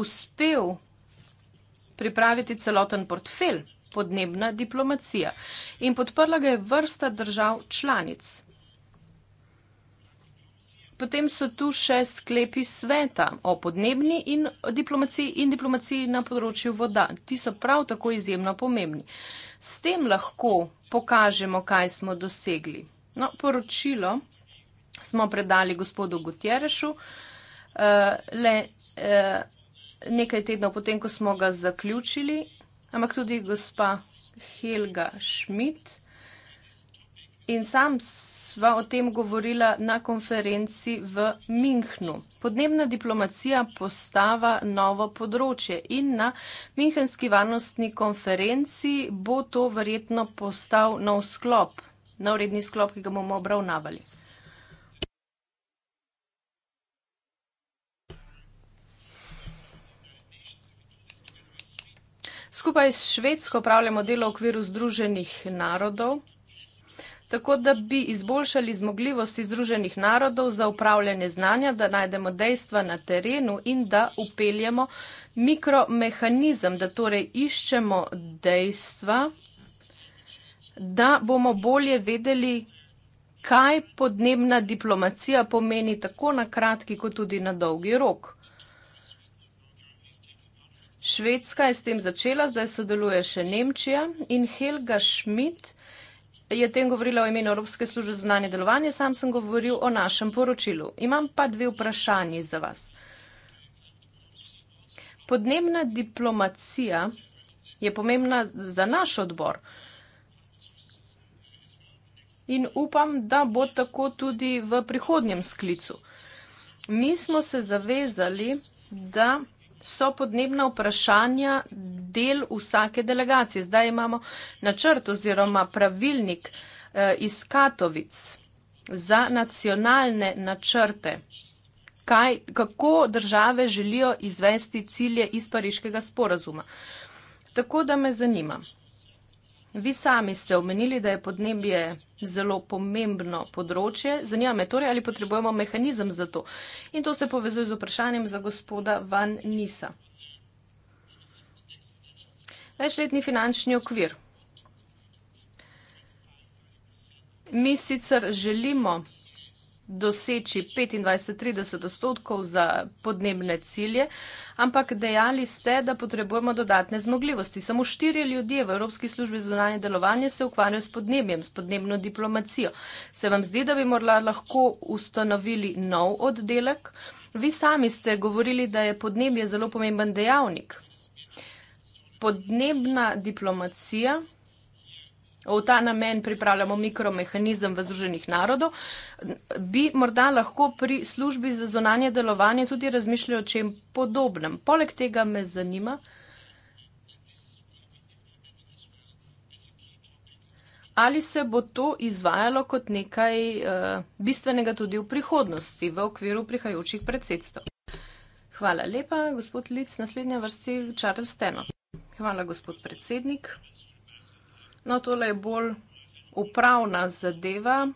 uspel pripraviti celoten portfelj podnebna diplomacija in podprla ga je vrsta držav članic potem so tu še sklepi sveta o podnebni in diplomaciji in diplomaciji na področju voda. Ti so prav tako izjemno pomembni. S tem lahko pokažemo, kaj smo dosegli. No, poročilo smo predali gospodu Gutjerešu eh, le eh, nekaj tednov potem, ko smo ga zaključili, ampak tudi gospa Helga Schmidt in sam sva o tem govorila na konferenci v Minhnu. Podnebna diplomacija postava novo področje in na Minhenski varnostni konferenci bo to verjetno postal nov sklop, nov redni sklop, ki ga bomo obravnavali. Skupaj s Švedsko upravljamo delo v okviru Združenih narodov tako da bi izboljšali zmogljivosti Združenih narodov za upravljanje znanja, da najdemo dejstva na terenu in da upeljemo mikromehanizem, da torej iščemo dejstva, da bomo bolje vedeli, kaj podnebna diplomacija pomeni tako na kratki kot tudi na dolgi rok. Švedska je s tem začela, zdaj sodeluje še Nemčija in Helga Schmidt je tem govorila o imenu Evropske službe za znanje delovanje, sam sem govoril o našem poročilu. Imam pa dve vprašanji za vas. Podnebna diplomacija je pomembna za naš odbor in upam, da bo tako tudi v prihodnjem sklicu. Mi smo se zavezali, da so podnebna vprašanja del vsake delegacije. Zdaj imamo načrt oziroma pravilnik eh, iz Katovic za nacionalne načrte, kaj, kako države želijo izvesti cilje iz pariškega sporazuma. Tako da me zanima. Vi sami ste omenili, da je podnebje zelo pomembno področje. Zanima me torej, ali potrebujemo mehanizem za to. In to se povezuje z vprašanjem za gospoda Van Nisa. Večletni finančni okvir. Mi sicer želimo doseči 25-30 odstotkov za podnebne cilje, ampak dejali ste, da potrebujemo dodatne zmogljivosti. Samo štiri ljudje v Evropski službi za zunanje delovanje se ukvarjajo s podnebjem, s podnebno diplomacijo. Se vam zdi, da bi morda lahko ustanovili nov oddelek? Vi sami ste govorili, da je podnebje zelo pomemben dejavnik. Podnebna diplomacija v ta namen pripravljamo mikromehanizem v Združenih narodov, bi morda lahko pri službi za zonanje delovanje tudi razmišljali o čem podobnem. Poleg tega me zanima, ali se bo to izvajalo kot nekaj uh, bistvenega tudi v prihodnosti v okviru prihajajočih predsedstv. Hvala lepa, gospod Lic, naslednja vrsti Charles Steno. Hvala, gospod predsednik. No, tole je bolj upravna zadeva.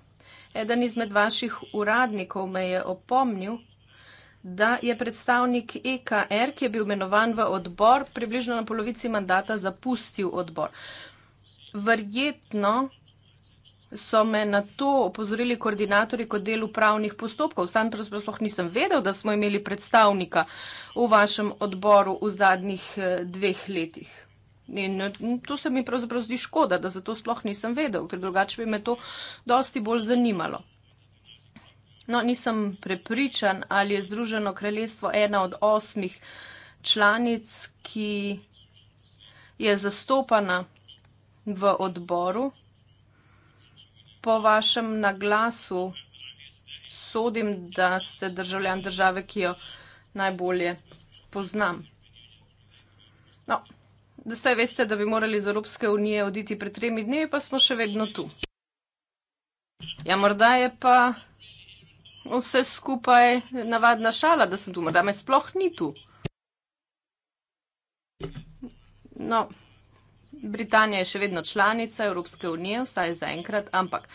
Eden izmed vaših uradnikov me je opomnil, da je predstavnik EKR, ki je bil imenovan v odbor, približno na polovici mandata zapustil odbor. Verjetno so me na to opozorili koordinatorji kot del upravnih postopkov. Sam sploh nisem vedel, da smo imeli predstavnika v vašem odboru v zadnjih eh, dveh letih. In eh, to se mi pravzaprav zdi škoda, da zato sploh nisem vedel, ker drugače bi me to dosti bolj zanimalo. No, nisem prepričan, ali je Združeno kraljestvo ena od osmih članic, ki je zastopana v odboru. Po vašem naglasu sodim, da ste državljan države, ki jo najbolje poznam. No, da ste veste, da bi morali iz Evropske unije oditi pred tremi dnevi, pa smo še vedno tu. Ja, morda je pa vse skupaj navadna šala, da sem tu, morda me sploh ni tu. No, Britanija je še vedno članica Evropske unije, vsaj zaenkrat, ampak.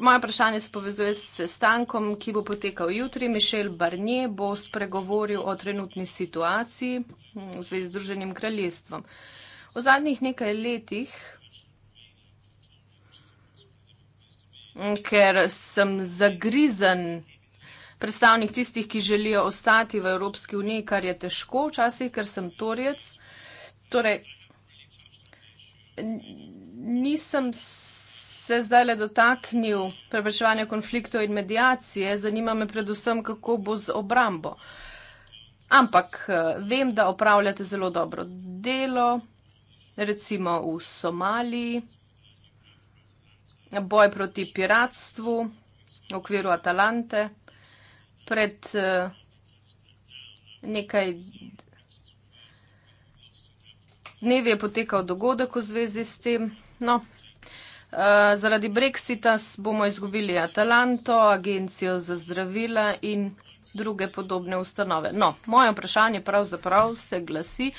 Moje vprašanje se povezuje s sestankom, ki bo potekal jutri. Mišel Barnier bo spregovoril o trenutni situaciji hm, v zvezi z Združenim kraljestvom. V zadnjih nekaj letih, hm, ker sem zagrizen predstavnik tistih, ki želijo ostati v Evropski uniji, kar je težko včasih, ker sem torjec, torej nisem se zdaj le dotaknil preprečevanja konfliktov in medijacije, zanima me predvsem, kako bo z obrambo. Ampak eh, vem, da opravljate zelo dobro delo, recimo v Somaliji, boj proti piratstvu v okviru Atalante, pred eh, nekaj. Dnevi je potekal dogodek v zvezi s tem, no, Eh, zaradi Brexita bomo izgubili Atalanto, Agencijo za zdravila in druge podobne ustanove. No, moje vprašanje pravzaprav se glasi,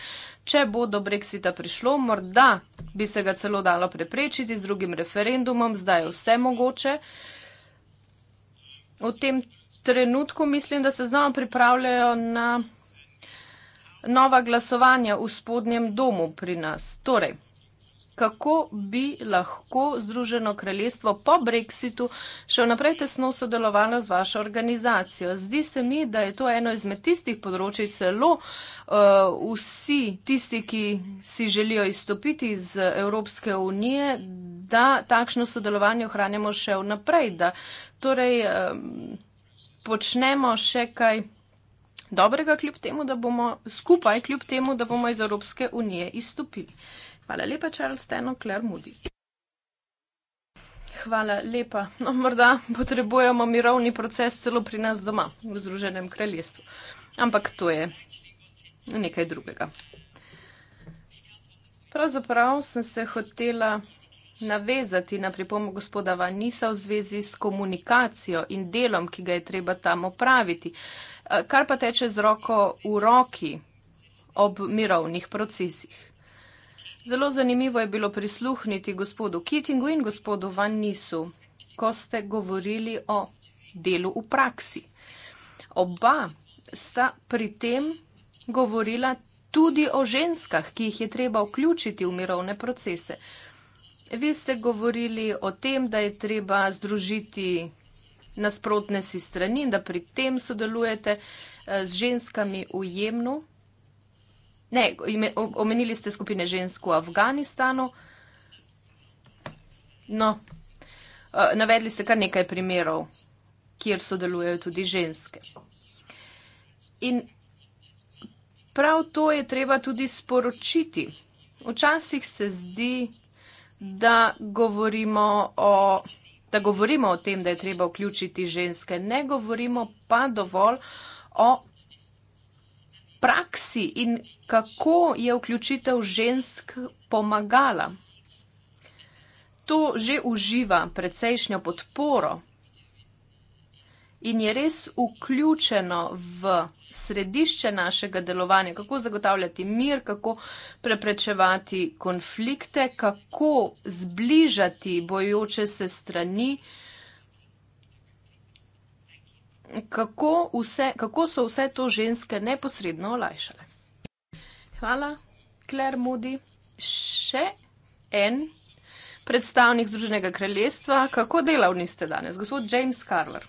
če bo do Brexita prišlo, morda bi se ga celo dalo preprečiti z drugim referendumom, zdaj je vse mogoče. V tem trenutku mislim, da se znova pripravljajo na nova glasovanja v spodnjem domu pri nas. Torej, kako bi lahko Združeno kraljestvo po brexitu še naprej tesno sodelovalo z vašo organizacijo. Zdi se mi, da je to eno izmed tistih področji, celo uh, vsi tisti, ki si želijo izstopiti iz Evropske unije, da takšno sodelovanje ohranjamo še vnaprej, da torej um, počnemo še kaj. Dobrega, kljub temu, da bomo skupaj, kljub temu, da bomo iz Evropske unije izstopili. Uh, Hvala lepa, Charles Steno, Claire Moody. Hvala lepa. No, morda potrebujemo mirovni proces celo pri nas doma, v Združenem kraljestvu. Ampak to je nekaj drugega. Pravzaprav sem se hotela navezati na pripomo gospoda Vanisa v zvezi s komunikacijo in delom, ki ga je treba tam opraviti. Eh, kar pa teče z roko v roki ob mirovnih procesih. Zelo zanimivo je bilo prisluhniti gospodu Kittingu in gospodu Van Nisu, ko ste govorili o delu v praksi. Oba sta pri tem govorila tudi o ženskah, ki jih je treba vključiti v mirovne procese. Vi ste govorili o tem, da je treba združiti nasprotne si strani in da pri tem sodelujete eh, z ženskami v jemnu. Ne, ime, omenili ste skupine žensk v Afganistanu. No, eh, navedli ste kar nekaj primerov, kjer sodelujejo tudi ženske. In prav to je treba tudi sporočiti. Včasih se zdi, da govorimo o, da govorimo o tem, da je treba vključiti ženske, ne govorimo pa dovolj o praksi in kako je vključitev žensk pomagala. To že uživa precejšnjo podporo in je res vključeno v središče našega delovanja, kako zagotavljati mir, kako preprečevati konflikte, kako zbližati bojoče se strani kako, vse, kako so vse to ženske neposredno olajšale. Hvala, Kler Mudi. Še en predstavnik Združenega kraljestva, kako delavni ste danes, gospod James Carver.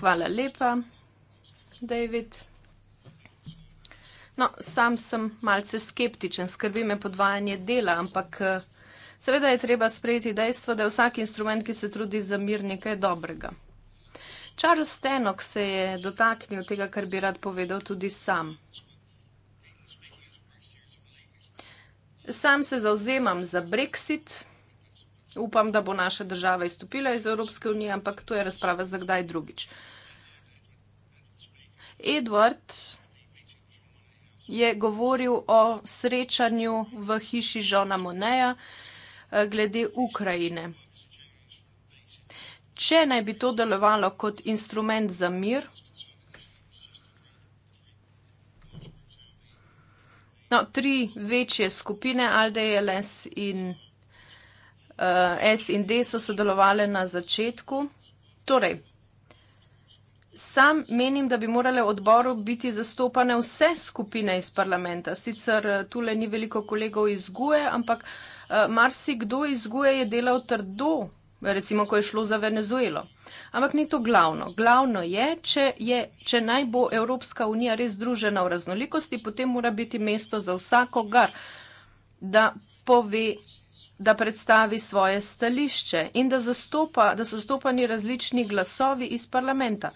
Hvala lepa, David. No, sam sem malce skeptičen, skrbi me podvajanje dela, ampak eh, seveda je treba sprejeti dejstvo, da je vsak instrument, ki se trudi za mir, nekaj dobrega. Charles Stenok se je dotaknil tega, kar bi rad povedal tudi sam. Sam se zauzemam za Brexit. Upam, da bo naša država izstopila iz Evropske unije, ampak to je razprava za kdaj drugič. Edward je govoril o srečanju v hiši Žona Moneja eh, glede Ukrajine če naj bi to delovalo kot instrument za mir. No, tri večje skupine, LDLS in uh, S in D, so sodelovali na začetku. Torej, sam menim, da bi morale v odboru biti zastopane vse skupine iz parlamenta. Sicer eh, tule ni veliko kolegov izguje, ampak uh, marsikdo izguje je delal trdo recimo, ko je šlo za Venezuelo. Ampak ni to glavno. Glavno je, če, je, če naj bo Evropska unija res združena v raznolikosti, potem mora biti mesto za vsakogar, da pove, da predstavi svoje stališče in da, zastopa, da so zastopani različni glasovi iz parlamenta.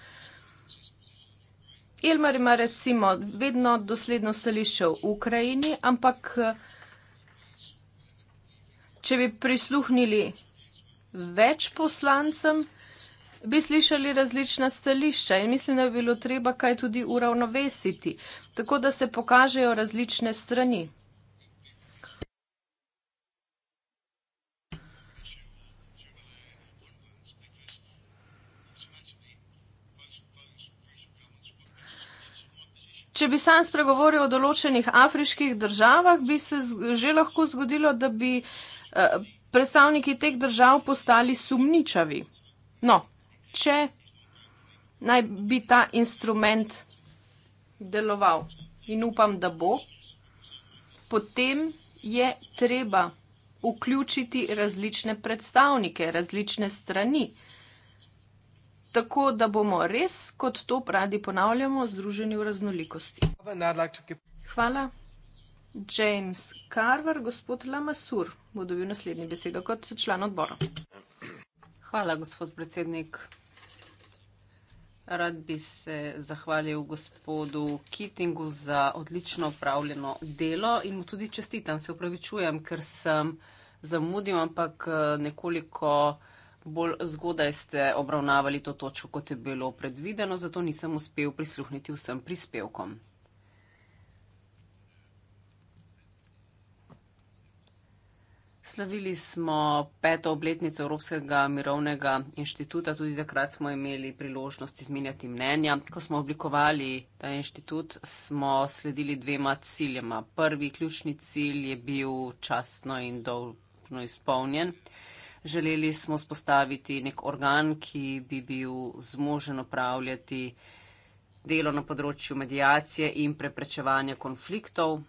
Ilmar ima recimo vedno dosledno stališče v Ukrajini, ampak če bi prisluhnili več poslancem, bi slišali različna stališča in mislim, da bi bilo treba kaj tudi uravnovesiti, tako da se pokažejo različne strani. Če bi sam spregovoril o določenih afriških državah, bi se že lahko zgodilo, da bi eh, predstavniki teh držav postali sumničavi. No, če naj bi ta instrument deloval in upam, da bo, potem je treba vključiti različne predstavnike, različne strani, tako da bomo res, kot to radi ponavljamo, združeni v raznolikosti. Hvala, James Carver, gospod Lamasur bo dobil naslednji besedo kot član odbora. Hvala, gospod predsednik. Rad bi se zahvalil gospodu Kittingu za odlično upravljeno delo in mu tudi čestitam. Se upravičujem, ker sem zamudil, ampak nekoliko bolj zgodaj ste obravnavali to točko, kot je bilo predvideno, zato nisem uspel prisluhniti vsem prispevkom. Slavili smo peto obletnico Evropskega mirovnega inštituta, tudi takrat smo imeli priložnost izmenjati mnenja. Ko smo oblikovali ta inštitut, smo sledili dvema ciljema. Prvi ključni cilj je bil časno in dolžno izpolnjen. Želeli smo spostaviti nek organ, ki bi bil zmožen upravljati delo na področju medijacije in preprečevanja konfliktov.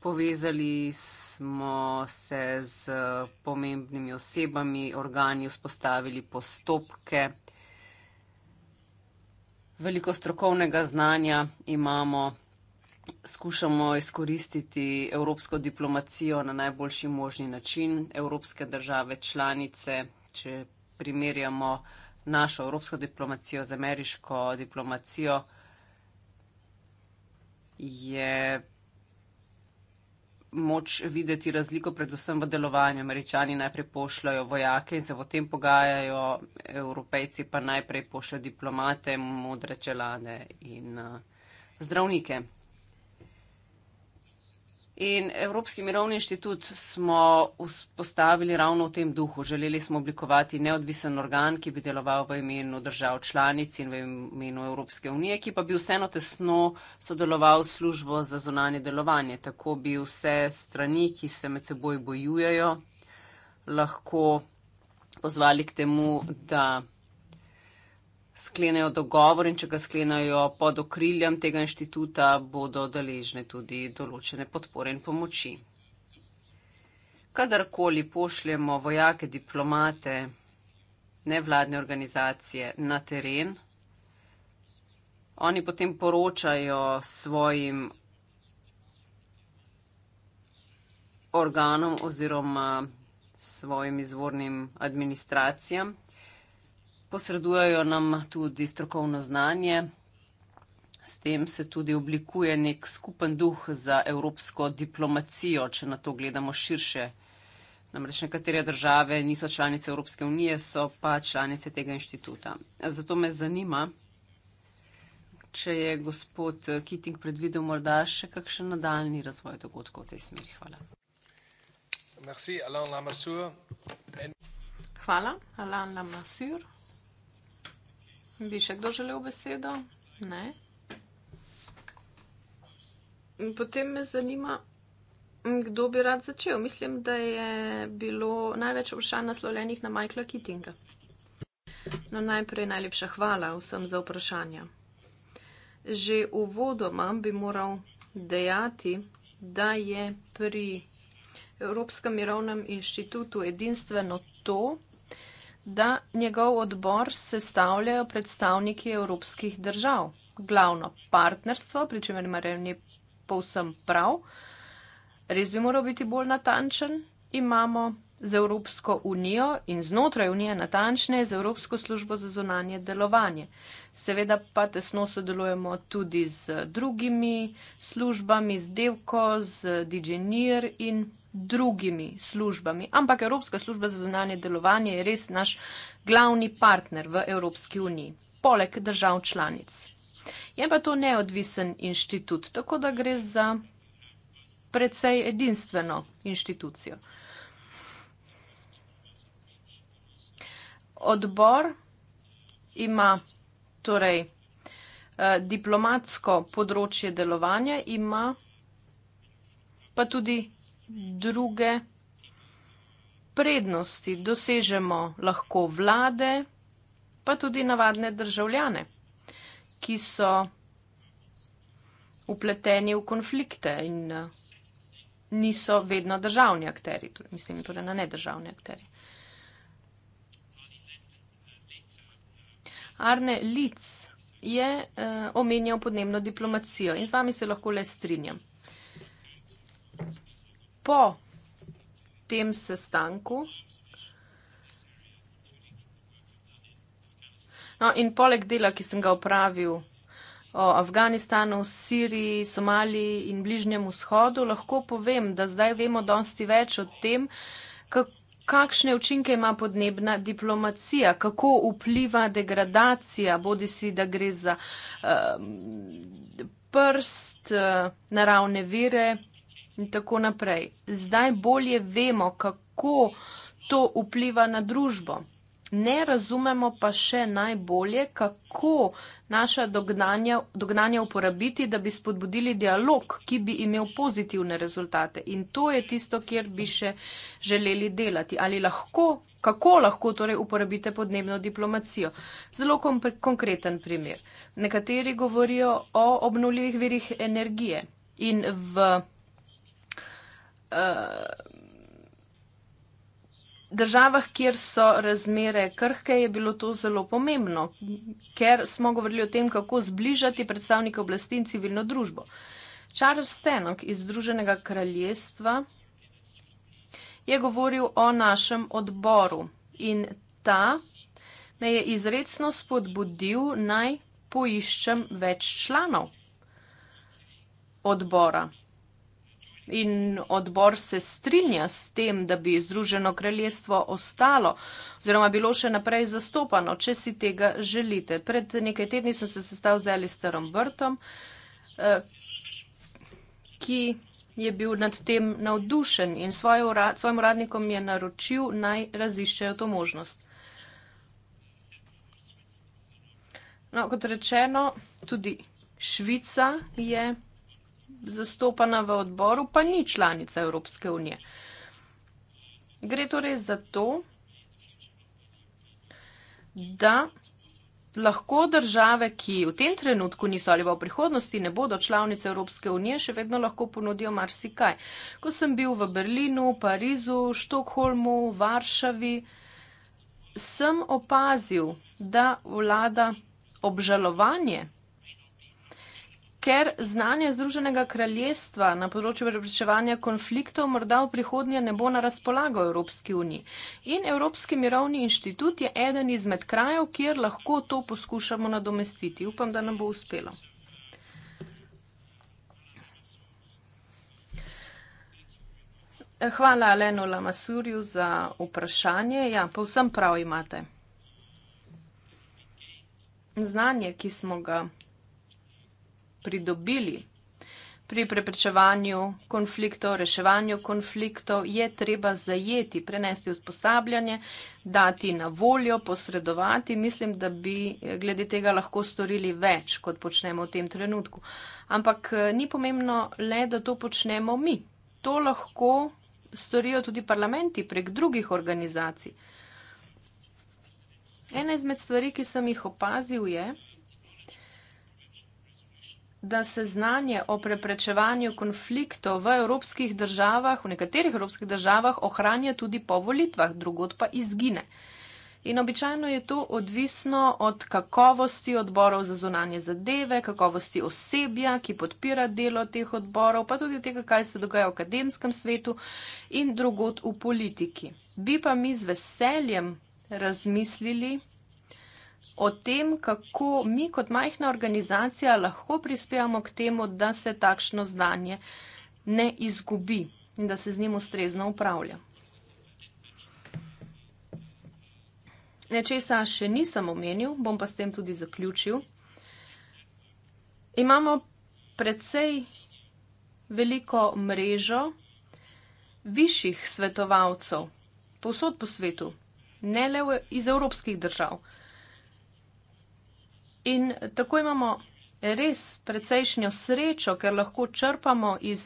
Povezali smo se z pomembnimi osebami, organi vzpostavili postopke. Veliko strokovnega znanja imamo, skušamo izkoristiti evropsko diplomacijo na najboljši možni način. Evropske države članice, če primerjamo našo evropsko diplomacijo z ameriško diplomacijo, je moč videti razliko predvsem v delovanju. Američani najprej pošljajo vojake in se potem pogajajo, evropejci pa najprej pošljajo diplomate, modre čelane in uh, zdravnike. In Evropski mirovni inštitut smo vzpostavili ravno v tem duhu. Želeli smo oblikovati neodvisen organ, ki bi deloval v imenu držav članic in v imenu Evropske unije, ki pa bi vseeno tesno sodeloval s službo za zonanje delovanje. Tako bi vse strani, ki se med seboj bojujejo, lahko pozvali k temu, da sklenejo dogovor in če ga sklenajo pod okriljem tega inštituta, bodo deležne tudi določene podpore in pomoči. Kadarkoli pošljemo vojake, diplomate, nevladne organizacije na teren, oni potem poročajo svojim organom oziroma svojim izvornim administracijam, posredujejo nam tudi strokovno znanje. S tem se tudi oblikuje nek skupen duh za evropsko diplomacijo, če na to gledamo širše. Namreč nekatere države niso članice Evropske unije, so pa članice tega inštituta. Zato me zanima, če je gospod Kiting predvidel morda še kakšen nadaljni razvoj dogodkov v tej smeri. Hvala. Merci, Alain Lamassur. Hvala, Alain Lamassur. Bi še kdo želel besedo? Ne. Potem me zanima, kdo bi rad začel. Mislim, da je bilo največ vprašanj naslovljenih na Michaela Kittinga. No, najprej najlepša hvala vsem za vprašanja. Že uvodoma bi moral dejati, da je pri Evropskem mirovnem inštitutu edinstveno to, da njegov odbor sestavljajo predstavniki evropskih držav. Glavno partnerstvo, pri čemer ima revni povsem prav, res bi moral biti bolj natančen, imamo z Evropsko unijo in znotraj unije natančne z Evropsko službo za zunanje delovanje. Seveda pa tesno sodelujemo tudi z drugimi službami, z Devko, z Digenir in drugimi službami, ampak Evropska služba za zunanje delovanje je res naš glavni partner v Evropski uniji, poleg držav članic. Je pa to neodvisen inštitut, tako da gre za precej edinstveno inštitucijo. Odbor ima torej eh, diplomatsko področje delovanja, ima pa tudi druge prednosti dosežemo lahko vlade, pa tudi navadne državljane, ki so upleteni v konflikte in eh, niso vedno državni akteri, torej, mislim torej na nedržavni akteri. Arne Lic je uh, omenjal podnebno diplomacijo in z vami se lahko le strinjam po tem sestanku. No, in poleg dela, ki sem ga opravil o Afganistanu, Siriji, Somaliji in Bližnjem vzhodu, lahko povem, da zdaj vemo dosti več o tem, kakšne učinke ima podnebna diplomacija, kako vpliva degradacija, bodi si, da gre za uh, prst uh, naravne vire, in tako naprej. Zdaj bolje vemo, kako to vpliva na družbo. Ne razumemo pa še najbolje, kako naša dognanja, dognanja uporabiti, da bi spodbudili dialog, ki bi imel pozitivne rezultate. In to je tisto, kjer bi še želeli delati. Ali lahko, kako lahko torej uporabite podnebno diplomacijo? Zelo konkreten primer. Nekateri govorijo o obnuljivih virih energije in v. Eh, državah, kjer so razmere krhke, je bilo to zelo pomembno, ker smo govorili o tem, kako zbližati predstavnike oblasti in civilno družbo. Charles Stenok iz Združenega kraljestva je govoril o našem odboru in ta me je izredno spodbudil naj poiščem več članov odbora in odbor se strinja s tem, da bi Združeno kraljestvo ostalo oziroma bilo še naprej zastopano, če si tega želite. Pred nekaj tedni sem se sestal z Alistarom Brtom, eh, ki je bil nad tem navdušen in svojim uradnikom je naročil naj raziščejo to možnost. No, kot rečeno, tudi Švica je zastopana v odboru, pa ni članica Evropske unije. Gre torej za to, da lahko države, ki v tem trenutku niso ali pa v prihodnosti ne bodo članice Evropske unije, še vedno lahko ponudijo marsikaj. Ko sem bil v Berlinu, Parizu, Štokholmu, Varšavi, sem opazil, da vlada obžalovanje ker znanje Združenega kraljestva na področju preprečevanja konfliktov morda v prihodnje ne bo na razpolago Evropski uniji. In Evropski mirovni inštitut je eden izmed krajev, kjer lahko to poskušamo nadomestiti. Upam, da nam bo uspelo. Hvala Alenu Lamasurju za vprašanje. Ja, pa vsem prav imate. Znanje, ki smo ga pridobili. Pri preprečevanju konfliktov, reševanju konfliktov je treba zajeti, prenesti usposabljanje, dati na voljo, posredovati. Mislim, da bi eh, glede tega lahko storili več, kot počnemo v tem trenutku. Ampak eh, ni pomembno le, da to počnemo mi. To lahko storijo tudi parlamenti prek drugih organizacij. Ena izmed stvari, ki sem jih opazil, je, da se znanje o preprečevanju konfliktov v evropskih državah, v nekaterih evropskih državah, ohranja tudi po volitvah, drugot pa izgine. In običajno je to odvisno od kakovosti odborov za zunanje zadeve, kakovosti osebja, ki podpira delo teh odborov, pa tudi tega, kaj se dogaja v akademskem svetu in drugot v politiki. Bi pa mi z veseljem razmislili o tem, kako mi kot majhna organizacija lahko prispevamo k temu, da se takšno znanje ne izgubi in da se z njim ustrezno upravlja. Nečesa še nisem omenil, bom pa s tem tudi zaključil. Imamo predvsej veliko mrežo višjih svetovalcev, povsod po svetu, ne le iz evropskih držav. In tako imamo res precejšnjo srečo, ker lahko črpamo iz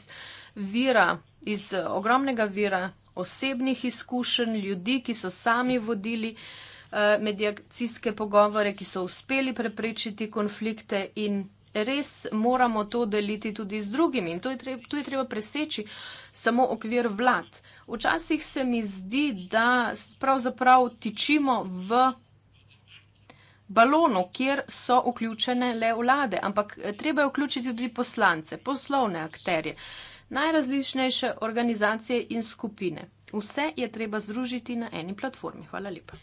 vira, iz ogromnega vira osebnih izkušenj, ljudi, ki so sami vodili eh, medijacijske pogovore, ki so uspeli preprečiti konflikte in res moramo to deliti tudi z drugimi. In to je treba, to je treba preseči samo okvir vlad. Včasih se mi zdi, da pravzaprav tičimo v balonu, kjer so vključene le vlade, ampak eh, treba je vključiti tudi poslance, poslovne akterje, najrazličnejše organizacije in skupine. Vse je treba združiti na eni platformi. Hvala lepa.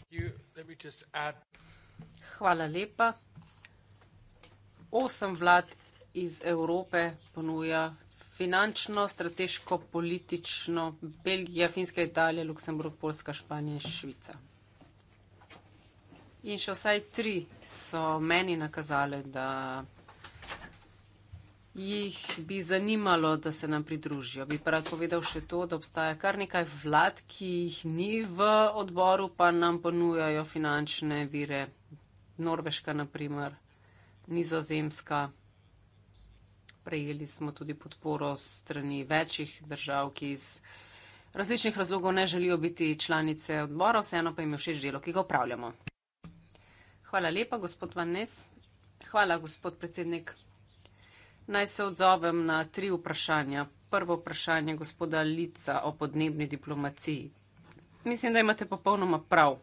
Hvala lepa. Osem vlad iz Evrope ponuja finančno, strateško, politično Belgija, Finska, Italija, Luksemburg, Polska, Španija in Švica. In še vsaj tri so meni nakazale, da jih bi zanimalo, da se nam pridružijo. Bi pa rad povedal še to, da obstaja kar nekaj vlad, ki jih ni v odboru, pa nam ponujajo finančne vire. Norveška, naprimer, nizozemska. Prejeli smo tudi podporo strani večjih držav, ki iz različnih razlogov ne želijo biti članice odbora, vseeno pa jim je všeč delo, ki ga upravljamo. Hvala lepa, gospod Vanes. Hvala, gospod predsednik. Naj se odzovem na tri vprašanja. Prvo vprašanje gospoda Lica o podnebni diplomaciji. Mislim, da imate popolnoma prav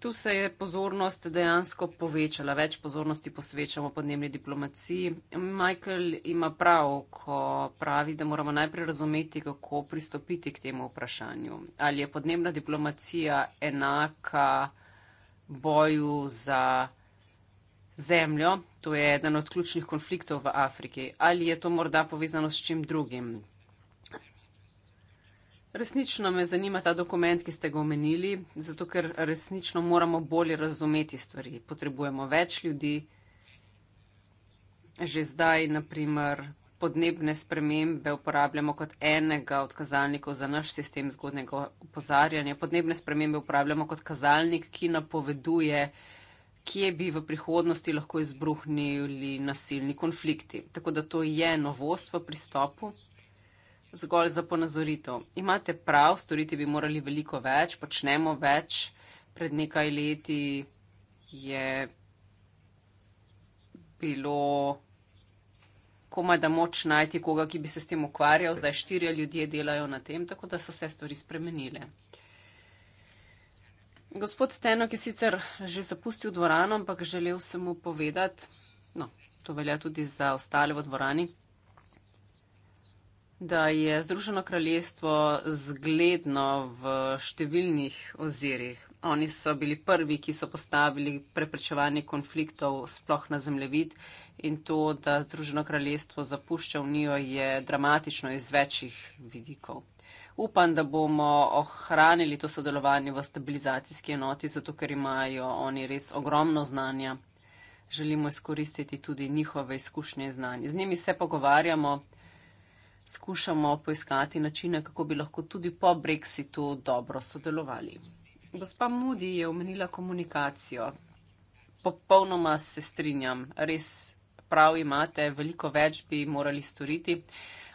tu se je pozornost dejansko povečala, več pozornosti posvečamo podnebni diplomaciji. Michael ima prav, ko pravi, da moramo najprej razumeti, kako pristopiti k temu vprašanju. Ali je podnebna diplomacija enaka boju za zemljo, to je eden od ključnih konfliktov v Afriki, ali je to morda povezano s čim drugim? Resnično me zanima ta dokument, ki ste ga omenili, zato ker resnično moramo bolje razumeti stvari. Potrebujemo več ljudi. Že zdaj, naprimer, podnebne spremembe uporabljamo kot enega od kazalnikov za naš sistem zgodnega opozarjanja. Podnebne spremembe uporabljamo kot kazalnik, ki napoveduje, kje bi v prihodnosti lahko izbruhnili nasilni konflikti. Tako da to je novost v pristopu. Zgolj za ponazoritev. Imate prav, storiti bi morali veliko več, počnemo več. Pred nekaj leti je bilo komaj da moč najti koga, ki bi se s tem ukvarjal, zdaj štirje ljudje delajo na tem, tako da so se stvari spremenile. Gospod Steno, ki sicer že zapustil dvorano, ampak želel sem mu povedati, no, to velja tudi za ostale v dvorani da je Združeno kraljestvo zgledno v številnih ozirih. Oni so bili prvi, ki so postavili preprečevanje konfliktov sploh na zemljevid in to, da Združeno kraljestvo zapušča unijo, je dramatično iz večjih vidikov. Upam, da bomo ohranili to sodelovanje v stabilizacijski enoti, zato ker imajo oni res ogromno znanja. Želimo izkoristiti tudi njihove izkušnje in znanje. Z njimi se pogovarjamo skušamo poiskati načine, kako bi lahko tudi po Brexitu dobro sodelovali. Gospa Moody je omenila komunikacijo. Popolnoma se strinjam, res prav imate, veliko več bi morali storiti,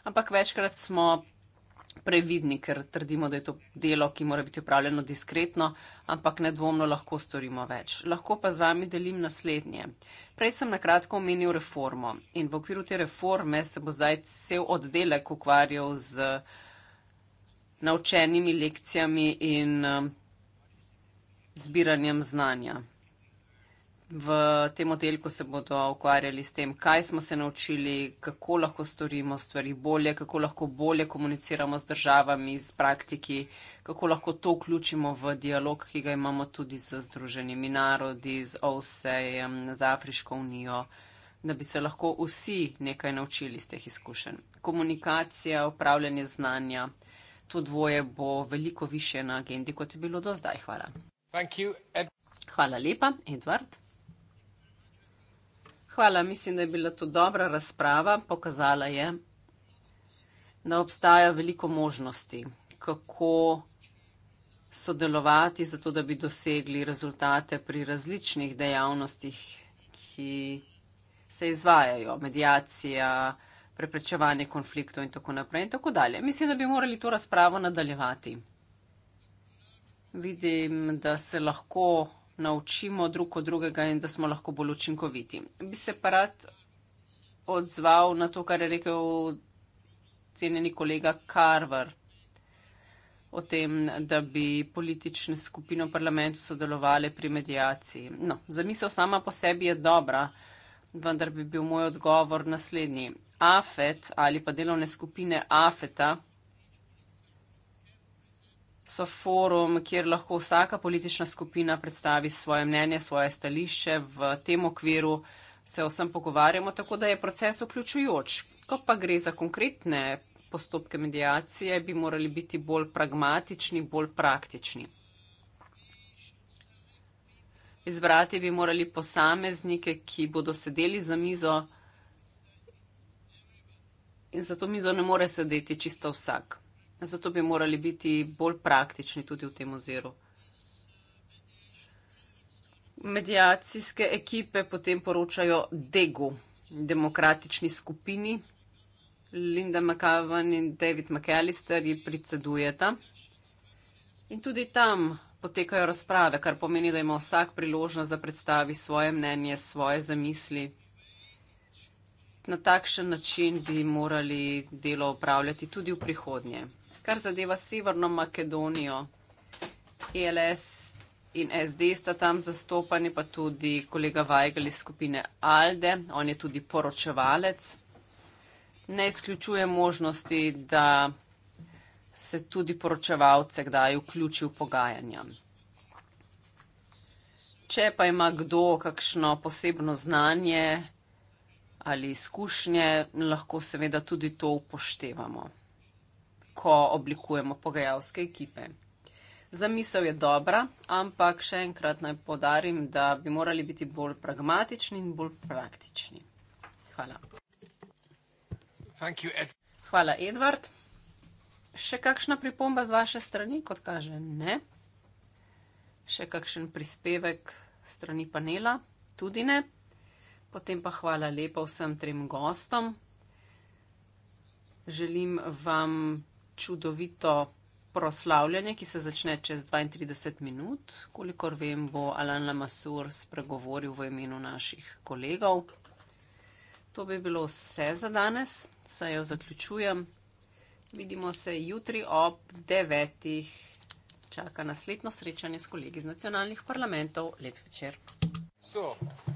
ampak večkrat smo previdni, ker trdimo, da je to delo, ki mora biti upravljeno diskretno, ampak nedvomno lahko storimo več. Lahko pa z vami delim naslednje. Prej sem na kratko omenil reformo in v okviru te reforme se bo zdaj cel oddelek ukvarjal z naučenimi lekcijami in eh, zbiranjem znanja. V tem oddelku se bodo ukvarjali s tem, kaj smo se naučili, kako lahko storimo stvari bolje, kako lahko bolje komuniciramo z državami, z praktiki, kako lahko to vključimo v dialog, ki ga imamo tudi z Združenimi narodi, z OSEJem, z Afriško unijo, da bi se lahko vsi nekaj naučili iz teh izkušenj. Komunikacija, upravljanje znanja, to dvoje bo veliko više na agendi, kot je bilo do zdaj. Hvala. Hvala lepa, Edvard. Hvala, mislim, da je bila to dobra razprava. Pokazala je, da obstaja veliko možnosti, kako sodelovati, zato da bi dosegli rezultate pri različnih dejavnostih, ki se izvajajo, medijacija, preprečevanje konfliktov in tako naprej in tako dalje. Mislim, da bi morali to razpravo nadaljevati. Vidim, da se lahko naučimo drug od drugega in da smo lahko bolj učinkoviti. Bi se pa rad odzval na to, kar je rekel cenjeni kolega Karver o tem, da bi politične skupine v parlamentu sodelovali pri medijaciji. No, zamisel sama po sebi je dobra, vendar bi bil moj odgovor naslednji. AFET ali pa delovne skupine AFETA so forum, kjer lahko vsaka politična skupina predstavi svoje mnenje, svoje stališče. V tem okviru se vsem pogovarjamo, tako da je proces vključujoč. Ko pa gre za konkretne postopke medijacije, bi morali biti bolj pragmatični, bolj praktični. Izbrati bi morali posameznike, ki bodo sedeli za mizo in za to mizo ne more sedeti čisto vsak. Zato bi morali biti bolj praktični tudi v tem oziru. Medijacijske ekipe potem poročajo Degu, demokratični skupini. Linda McCavan in David McAllister ji predsedujeta. In tudi tam potekajo razprave, kar pomeni, da ima vsak priložnost, da predstavi svoje mnenje, svoje zamisli. Na takšen način bi morali delo upravljati tudi v prihodnje kar zadeva Severno Makedonijo. ELS in SD sta tam zastopani, pa tudi kolega Vajgal iz skupine ALDE, on je tudi poročevalec. Ne izključuje možnosti, da se tudi poročevalce kdaj vključi v pogajanja. Če pa ima kdo kakšno posebno znanje ali izkušnje, lahko seveda tudi to upoštevamo ko oblikujemo pogajalske ekipe. Zamisel je dobra, ampak še enkrat naj podarim, da bi morali biti bolj pragmatični in bolj praktični. Hvala. You, Ed Hvala, Edvard. Še kakšna pripomba z vaše strani, kot kaže ne? Še kakšen prispevek strani panela? Tudi ne. Potem pa hvala lepa vsem trem gostom. Želim vam čudovito proslavljanje, ki se začne čez 32 minut. Kolikor vem, bo Alan Lamasur spregovoril v imenu naših kolegov. To bi bilo vse za danes, saj jo zaključujem. Vidimo se jutri ob 9. Čaka naslednjo srečanje s kolegi iz nacionalnih parlamentov. Lep večer. So.